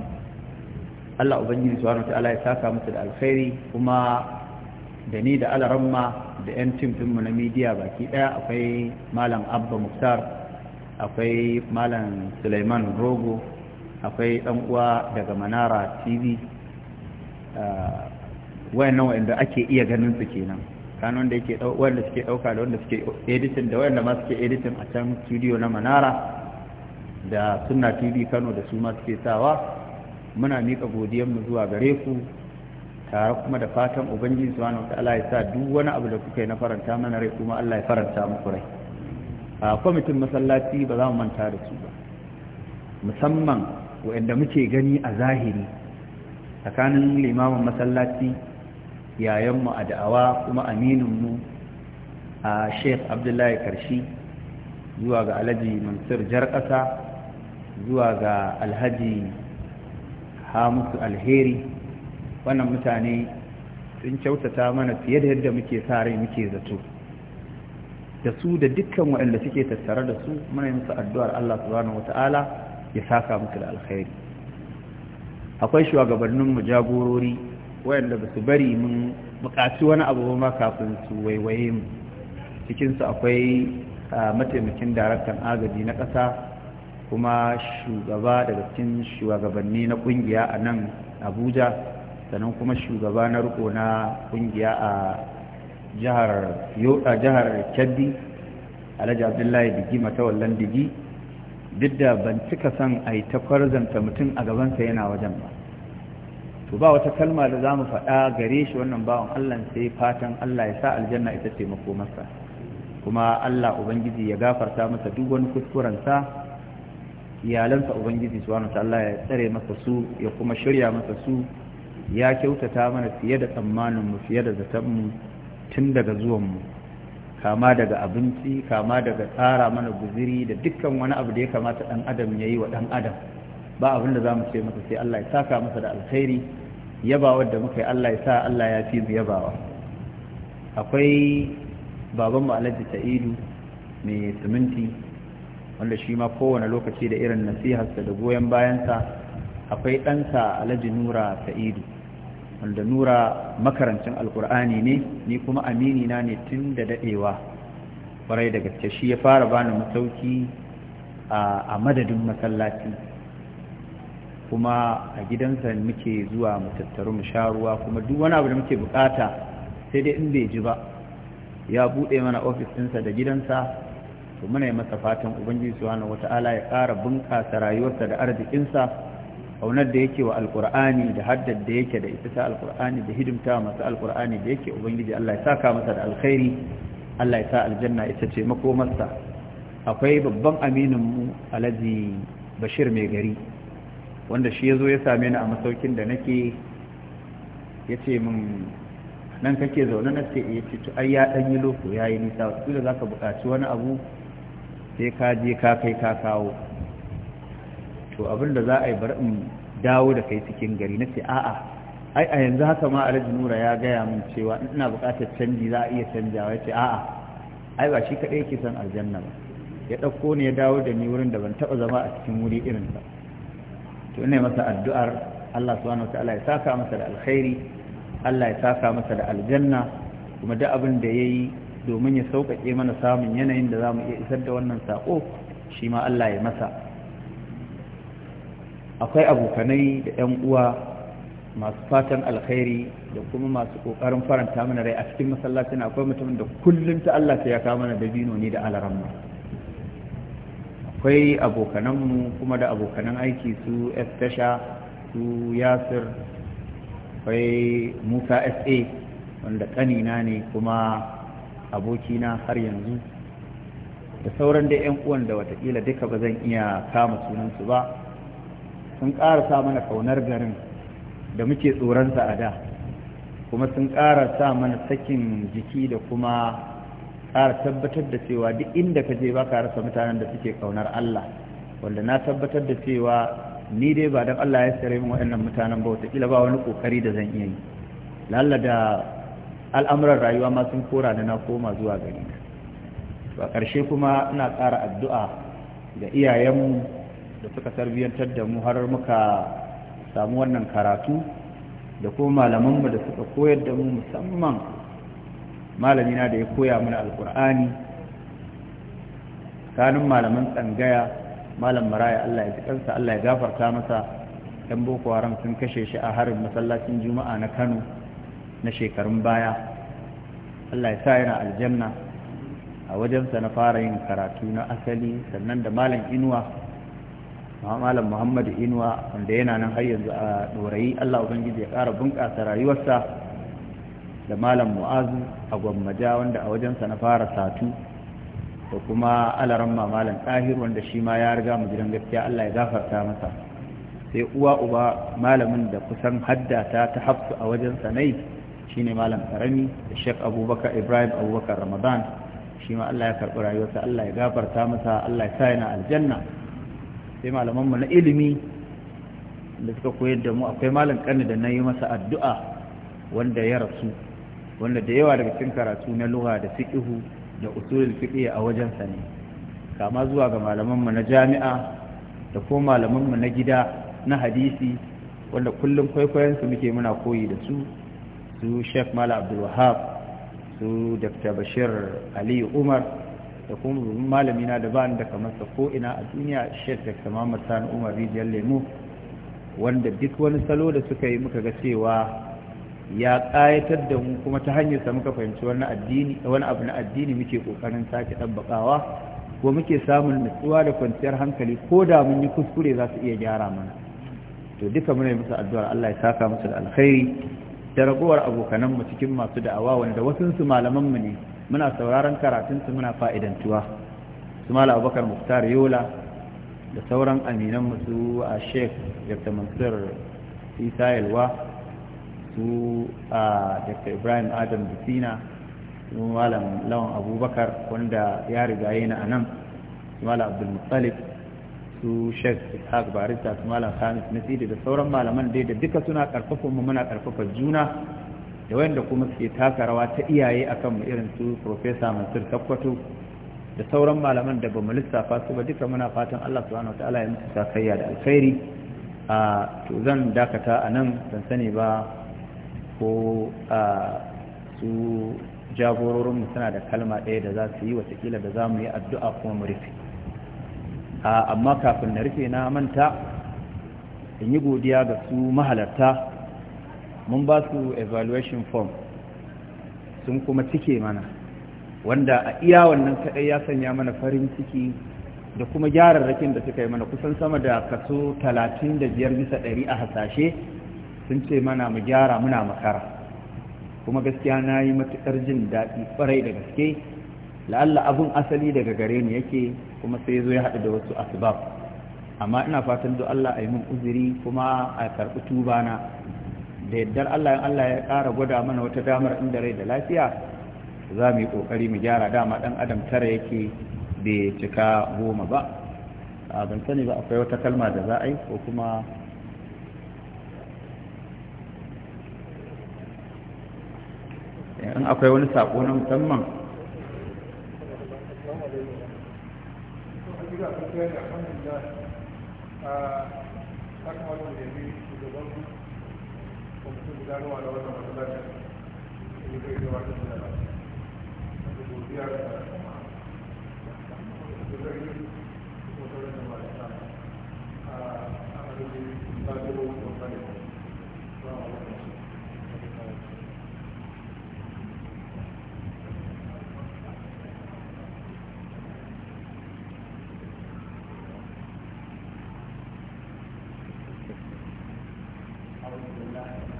Allah Ubangiji subhanahu ta'ala ya saka musu da alkhairi kuma da ni da alaramma da 'yan tim mu na midiya baki daya akwai malam abba muktar akwai malam suleiman rogo akwai ɗan uwa daga manara tv ah, wayannan wayanda ake iya ganin su kenan kanon da yake wanda suke ɗauka da wanda suke editin da wayanda ma suke editin a can studio na manara da suna tv kano da su ma suke sawa muna miƙa godiyanmu zuwa gare ku tare kuma da fatan ubangiji wani wata ya sa duk wani abu da kuka yi na faranta mana rai kuma Allah ya faranta muku rai a ah, kwamitin masallaci ba za mu manta da su ba musamman waɗanda muke gani a zahiri tsakanin limamin masallaci yayanmu a da'awa kuma amininmu a sheikh abdullahi karshi zuwa ga alhaji mansur Ƙasa, zuwa ga alhaji hamusu alheri wannan mutane sun kyautata mana fiye da yadda muke sa rai muke zato da su da dukkan waɗanda suke tattare da su muna yin su addu'ar Allah subhanahu ya saka muku da alkhairi akwai shugabannin mu jagorori wayanda ba su bari mun bukaci wani abu ma kafin su waiwaye mu cikinsu akwai mataimakin daraktan agaji na ƙasa kuma shugaba daga cikin shugabanni na ƙungiya a nan abuja sannan kuma shugaba na riko na ƙungiya a jihar kebbi alhaji abdullahi digi matawallan digi duk da ban cika son a yi ta kwarzanta mutum a gabansa yana wajen ba to ba wata kalma da za mu faɗa gare shi wannan bawan allah sai fatan allah ya sa aljanna ita ce masa kuma allah ubangiji ya gafarta masa duk wani kuskurensa iyalansa ubangiji su wani allah ya tsare masa su ya kuma shirya masa su ya kyautata mana fiye da tsammaninmu fiye da zatonmu tun daga zuwanmu kama daga abinci kama daga tsara mana guziri da dukkan wani abu da ya kamata ɗan adam ya yi wa ɗan adam ba abin da za mu ce masa sai Allah ya saka masa da alkhairi yabawa da muka yi Allah ya sa Allah ya fi mu yabawa akwai baban mu Alhaji Sa'idu mai siminti wanda shi ma kowane lokaci da irin nasiharsa da goyon bayansa akwai ɗansa Alhaji Nura Sa'idu wanda nura makarancin alkur'ani ne ni kuma amini na ne tun da daɗewa. kwarai da gaske shi ya fara bani masauki a madadin masallaci kuma a gidansa muke zuwa mu tattaru mu sha ruwa kuma duk wani abu da muke bukata sai dai in bai ji ba ya bude mana ofis ɗinsa da gidansa to muna yi masa fatan ubangiji subhanahu wata'ala ya ƙara bunƙasa rayuwarsa da arzikinsa aunar da yake wa alkur'ani da haddar da yake da ita ta alkur'ani da hidimta masu alkur'ani da yake ubangiji Allah ya saka masa da alkhairi Allah ya sa aljanna ita ce makomarsa akwai babban aminin mu alaji bashir mai gari wanda shi yazo ya same ni a masaukin da nake yace min nan kake zaune na ce eh, yace to ai ya dan yi loko yayi nisa za zaka buƙaci wani abu sai ka je ka kai ka kawo to abin da za a yi bar in dawo da kai cikin gari na ce a'a ai a yanzu haka ma alhaji nura ya gaya min cewa ina buƙatar canji za a iya canjawa ya ce a'a ai ba shi kaɗai yake son aljanna ba ya ɗauko ne ya dawo da ni wurin da ban taɓa zama a cikin wuri irin ba to ina masa addu'ar Allah subhanahu wataala ya saka masa da alkhairi Allah ya saka masa da aljanna kuma duk abin da yayi domin ya sauƙaƙe mana samun yanayin da zamu iya isar da wannan sako shi ma Allah ya masa akwai abokanai da 'yan uwa masu fatan alkhairi da kuma masu kokarin faranta mana rai a cikin masallacin akwai mutumin da kullum ta Allah ta ya kawo mana dabino ne da alaramma akwai abokananmu kuma da abokanan aiki su tasha su yasir akwai musa sa wanda kanina ne kuma abokina har yanzu da sauran da 'yan uwan da watakila duka ba zan iya kama sunansu ba sun ƙara mana ƙaunar garin da muke tsoronsa a da kuma sun ƙara sa mana sakin jiki da kuma ƙara tabbatar da cewa duk inda ka je ba ka rasa mutanen da suke ƙaunar Allah wanda na tabbatar da cewa ni dai ba don Allah ya sare min waɗannan mutanen ba wataƙila ba wani ƙoƙari da zan iya yi lalla da al'amuran rayuwa ma sun kora da na koma zuwa gari ba ƙarshe kuma ina ƙara addu'a ga iyayenmu da suka tarbiyyantar da mu har muka samu wannan karatu da kuma malamanmu da suka koyar da mu musamman malamina da ya koya mana alkur'ani kanin malaman tsangaya malam maraya Allah ya kansa Allah ya gafarta masa ɗan boko haram sun kashe shi a harin masallacin juma'a na kano na shekarun baya Allah ya sa yana aljanna a wajensa na fara yin karatu na asali sannan da malam inuwa malam muhammadu inuwa wanda yana nan har yanzu a ɗorayi allah ubangiji ya ƙara bunƙasa rayuwarsa da malam mu'azu a gwammaja wanda a wajensa na fara satu da kuma alaramma malam ɗahir wanda shi ma ya riga mu gidan gaskiya allah ya gafarta masa sai uwa uba malamin da kusan haddata ta hafsu a wajensa nai shine malam karami da sheikh abubakar ibrahim abubakar ramadan shi ma allah ya karɓi rayuwarsa allah ya gafarta masa allah ya sa yana aljanna sai malamanmu na ilimi da suka koyar da mu akwai malam kanni da na yi masa addu'a wanda ya rasu wanda da yawa daga cikin karatu na lugha da fiqhu da usulul fiqh a wajen sa ne kama zuwa ga malamanmu na jami'a da ko malamanmu na gida na hadisi wanda kullum kwaikwayon su muke muna koyi da su su Sheikh Mala Abdul Wahab su Dr. Bashir Ali Umar da kuma babban malami na da bani da kamar sa ko ina a duniya da kama Muhammad na Umar Rijiyar Lemu wanda duk wani salo da suka yi muka ga cewa ya ƙayatar da mu kuma ta hanyar sa muka fahimci wani addini abu na addini muke kokarin sake ɗabbaƙawa ko muke samun nutsuwa da kwanciyar hankali ko da mun yi kuskure za su iya gyara mana to duka muna yi musu addu'ar Allah ya saka musu da alkhairi da ragowar abokananmu cikin masu da'awa wanda wasunsu mu ne muna sauraron karatunsu muna fa'idantuwa su mala abubakar muktar yola da sauran aminan su a sheik dr mansur isa yalwa su a dr ibrahim adam bisina su malam lawan abubakar wanda ya riga yana a nan su malam abdulmutsalif su sheik ishaq barista su malam khamis nasiri da sauran malaman dai da duka suna karfafa mu muna karfafa juna da wanda kuma suke taka rawa ta iyaye a kanmu irin su Profesa Mansur Sakkwato da sauran malaman da bamu lissafa su ba duka muna fatan Allah subhanahu ta'ala ya musu sakayya da alkhairi a to zan dakata a nan ban sani ba ko a su jagororinmu suna da kalma ɗaya da za su yi watakila da za mu yi addu'a kuma mu rufe amma kafin na rufe na manta in yi godiya ga su mahalarta mun ba su evaluation form sun kuma cike mana wanda a iya wannan kaɗai ya sanya mana farin ciki da kuma gyararrakin da suka yi mana kusan sama da kaso 35 a hasashe sun ce mana mu gyara muna makara kuma gaskiya na yi matuƙar jin daɗi ƙwarai da gaske la'alla abun asali daga gare ni yake kuma sai zo ya haɗu da wasu asibab amma ina fatan zo Allah a yi min uzuri kuma a karɓi tubana da yaddar Allah in Allah ya ƙara gwada mana wata damar inda rai da lafiya za mu yi ƙoƙari mu gyara dama ɗan adam tara yake bai cika goma ba a ban sani ba akwai wata kalma da za a yi ko kuma in akwai wani sako na musamman vijana wanaweza matunda hivyo hivyo watu kuzungumzia Thank you.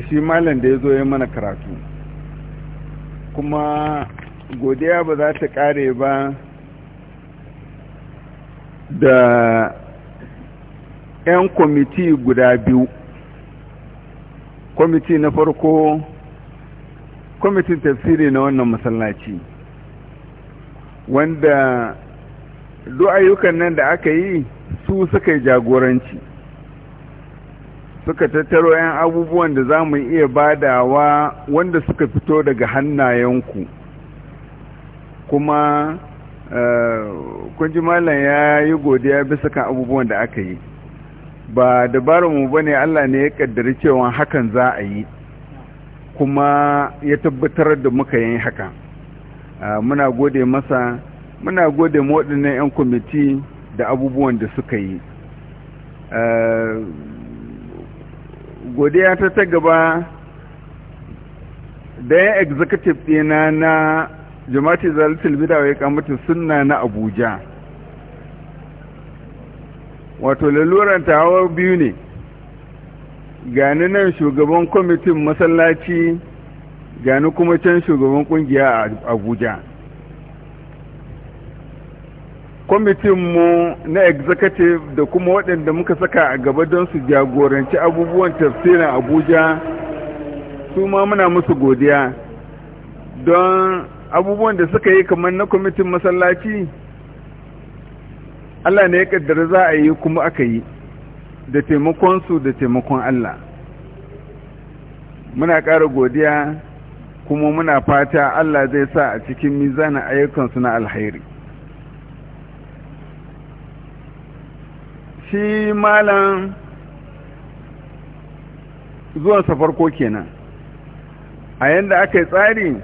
da shi malam da ya zo ya mana karatu kuma godiya ba za ta kare ba da 'yan kwamiti guda biyu kwamiti na farko kwamitin tafsiri na wannan masallaci wanda duk ayyukan nan da aka yi su suka yi jagoranci suka tattaro 'yan abubuwan da za mu iya badawa wanda suka fito daga hannayenku kuma eh, kun ji malam ya yi godiya bisa kan abubuwan da aka yi ba mu ba ne allah ne ya kaddari cewa hakan za a yi kuma ya tabbatar da muka yin haka eh, muna gode masa muna gode waɗannan 'yan kwamiti da abubuwan da suka yi eh, godiya ta ta gaba da ya executive ɗina na jama'ati zalatul bidawa ya kamata sunna na abuja wato laluran tawar biyu ne gani nan shugaban kwamitin masallaci gani kuma can shugaban kungiya a abuja kwamitinmu na executive da kuma waɗanda muka saka a gaba don su jagoranci abubuwan tafsirin abuja su ma muna musu godiya don abubuwan da suka yi kamar na kwamitin masallaci allah ne ya kaddara za a yi kuma aka yi da taimakonsu da taimakon allah muna ƙara godiya kuma muna fata allah zai sa a cikin mizanin ayyukansu na alhairi shi malam zuwansa farko kenan a yadda aka yi tsari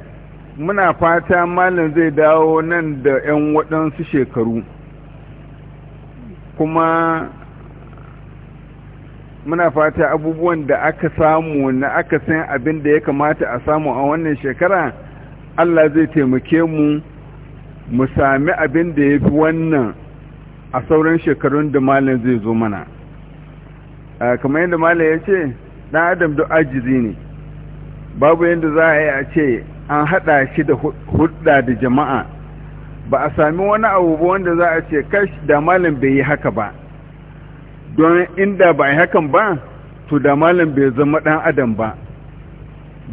muna fata malam zai dawo nan da 'yan waɗansu shekaru kuma muna fata abubuwan da aka samu na aka san abin da ya kamata a samu a wannan shekara allah zai taimake mu mu sami abin da ya fi wannan a sauran shekarun da malam zai zo mana kamar yadda malam ya ce ɗan adam duk ajizi ne babu yadda za a yi a ce an haɗa shi da hudda da jama'a ba a sami wani abubuwa wanda za a ce kash da malam bai yi haka ba don inda ba yi hakan ba to da malam bai zama ɗan adam ba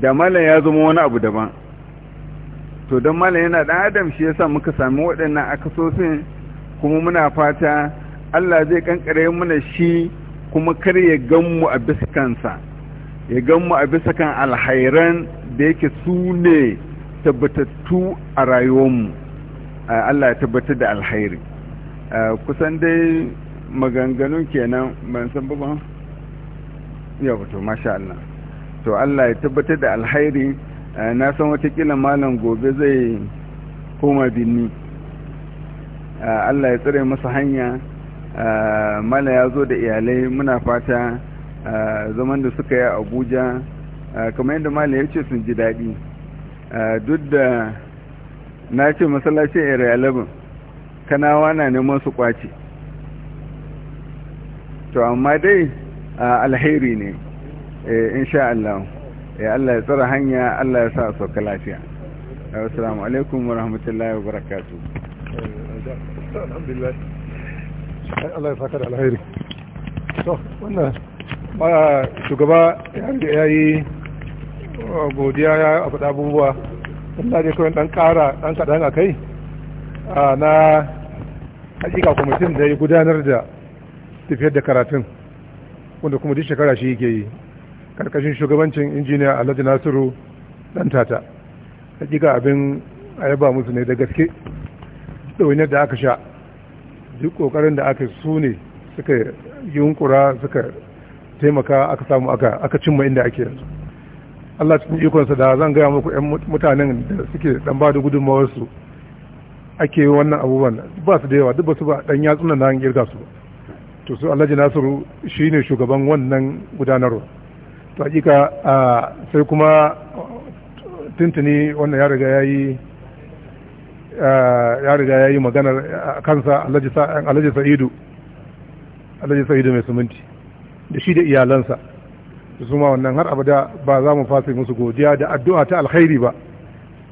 da malam ya zama wani abu daban to don malam yana ɗan adam shi yasa muka sami waɗannan akasosin kuma muna fata Allah zai kankare mana shi kuma kar ya ganmu a bisa kansa ya ganmu a bisa kan alhairan da yake su ne tabbatattu a rayuwanmu Allah ya tabbatar da alhairi kusan dai maganganun kenan ban san ba ba ya wato masha Allah to Allah ya tabbatar da alhairi na san watakila malam gobe zai koma binni Ah, Allah ya tsare masa hanya ah, mala ya zo da iyalai muna fata ah, zaman da suka yi abuja kamar yadda mala ya ce sun ji daɗi duk da na ce masallacin area kanawa na neman su kwace to amma dai alheri ne eh, insha Allah eh, Allah ya tsara hanya Allah ya sa sauka lafiya assalamu alaikum wa rahmatullahi wa guda alhamdulillah ai Allah ya yi oh, godiya ya faɗa abubuwa ina dai kawai ɗan ƙara ɗan kaɗan a kai na hakika kwamitin da ya gudanar da tafiyar da karatun wanda kuma duk shekara shi yake yi karkashin shugabancin injiniya alhaji nasiru ɗan tata hakika abin ayaba yaba musu ne da gaske ɗaunar da aka sha duk ƙoƙarin da aka su ne suka yunkura suka taimaka aka samu aka cimma inda ake yanzu Allah cikin ikonsa da zan gaya muku 'yan mutanen da suke ɗan ba da gudunmawarsu ake wannan abubuwan ba su da yawa duk ba su ba ɗan yatsunan na girga su to su alhaji nasiru shi ne shugaban wannan gudanarwa to hakika sai kuma uh, tuntuni wannan ya riga ya yi Eh, ya riga ya yi maganar eh, kansa eh, alhaji sa'idu alhaji sa'idu mai suminti da shi da iyalansa da su wannan har abada ba za mu fasa musu godiya da addu'a ta alkhairi ba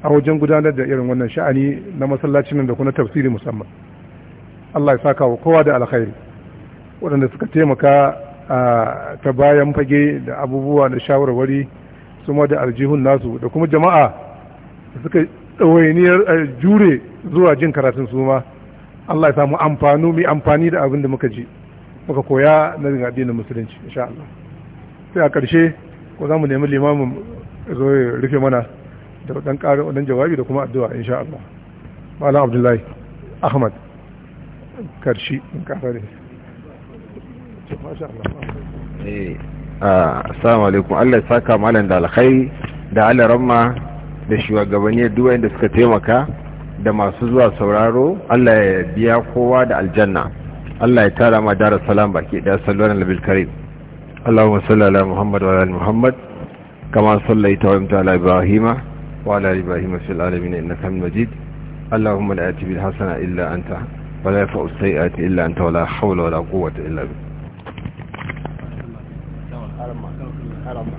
a wajen gudanar da irin wannan sha'ani na masallacin nan da kuma tafsiri musamman Allah ya saka wa kowa da alkhairi waɗanda suka taimaka ta bayan fage da abubuwa da shawarwari su da aljihun nasu da kuma jama'a suka ɗawainiyar eh, jure zuwa jin karatun su ma Allah ya samu amfanu mai amfani da abin da muka ji muka koya na addinin musulunci insha Allah sai a ƙarshe ko za mu nemi limamin zo ya rufe mana da ɗan ƙarin wadannan jawabi da kuma addu'a insha Allah malam abdullahi ahmad karshi in ƙasa ne masha eh, ah, assalamu alaikum Allah ya saka malam da alkhairi da alaramma ramma da shugabanni duwa da suka taimaka da masu zuwa sauraro Allah ya biya kowa da aljanna Allah ya tara ma dara salam baki da sallallahu alaihi karim Allahumma salli ala Muhammad wa ala Muhammad kama sallaita wa amta ala Ibrahim wa ala Ibrahim fil alamin innaka Hamid Majid Allahumma la ati bil hasana illa anta wa la yafu sayyi'ati illa anta wa la hawla wa la quwwata illa billah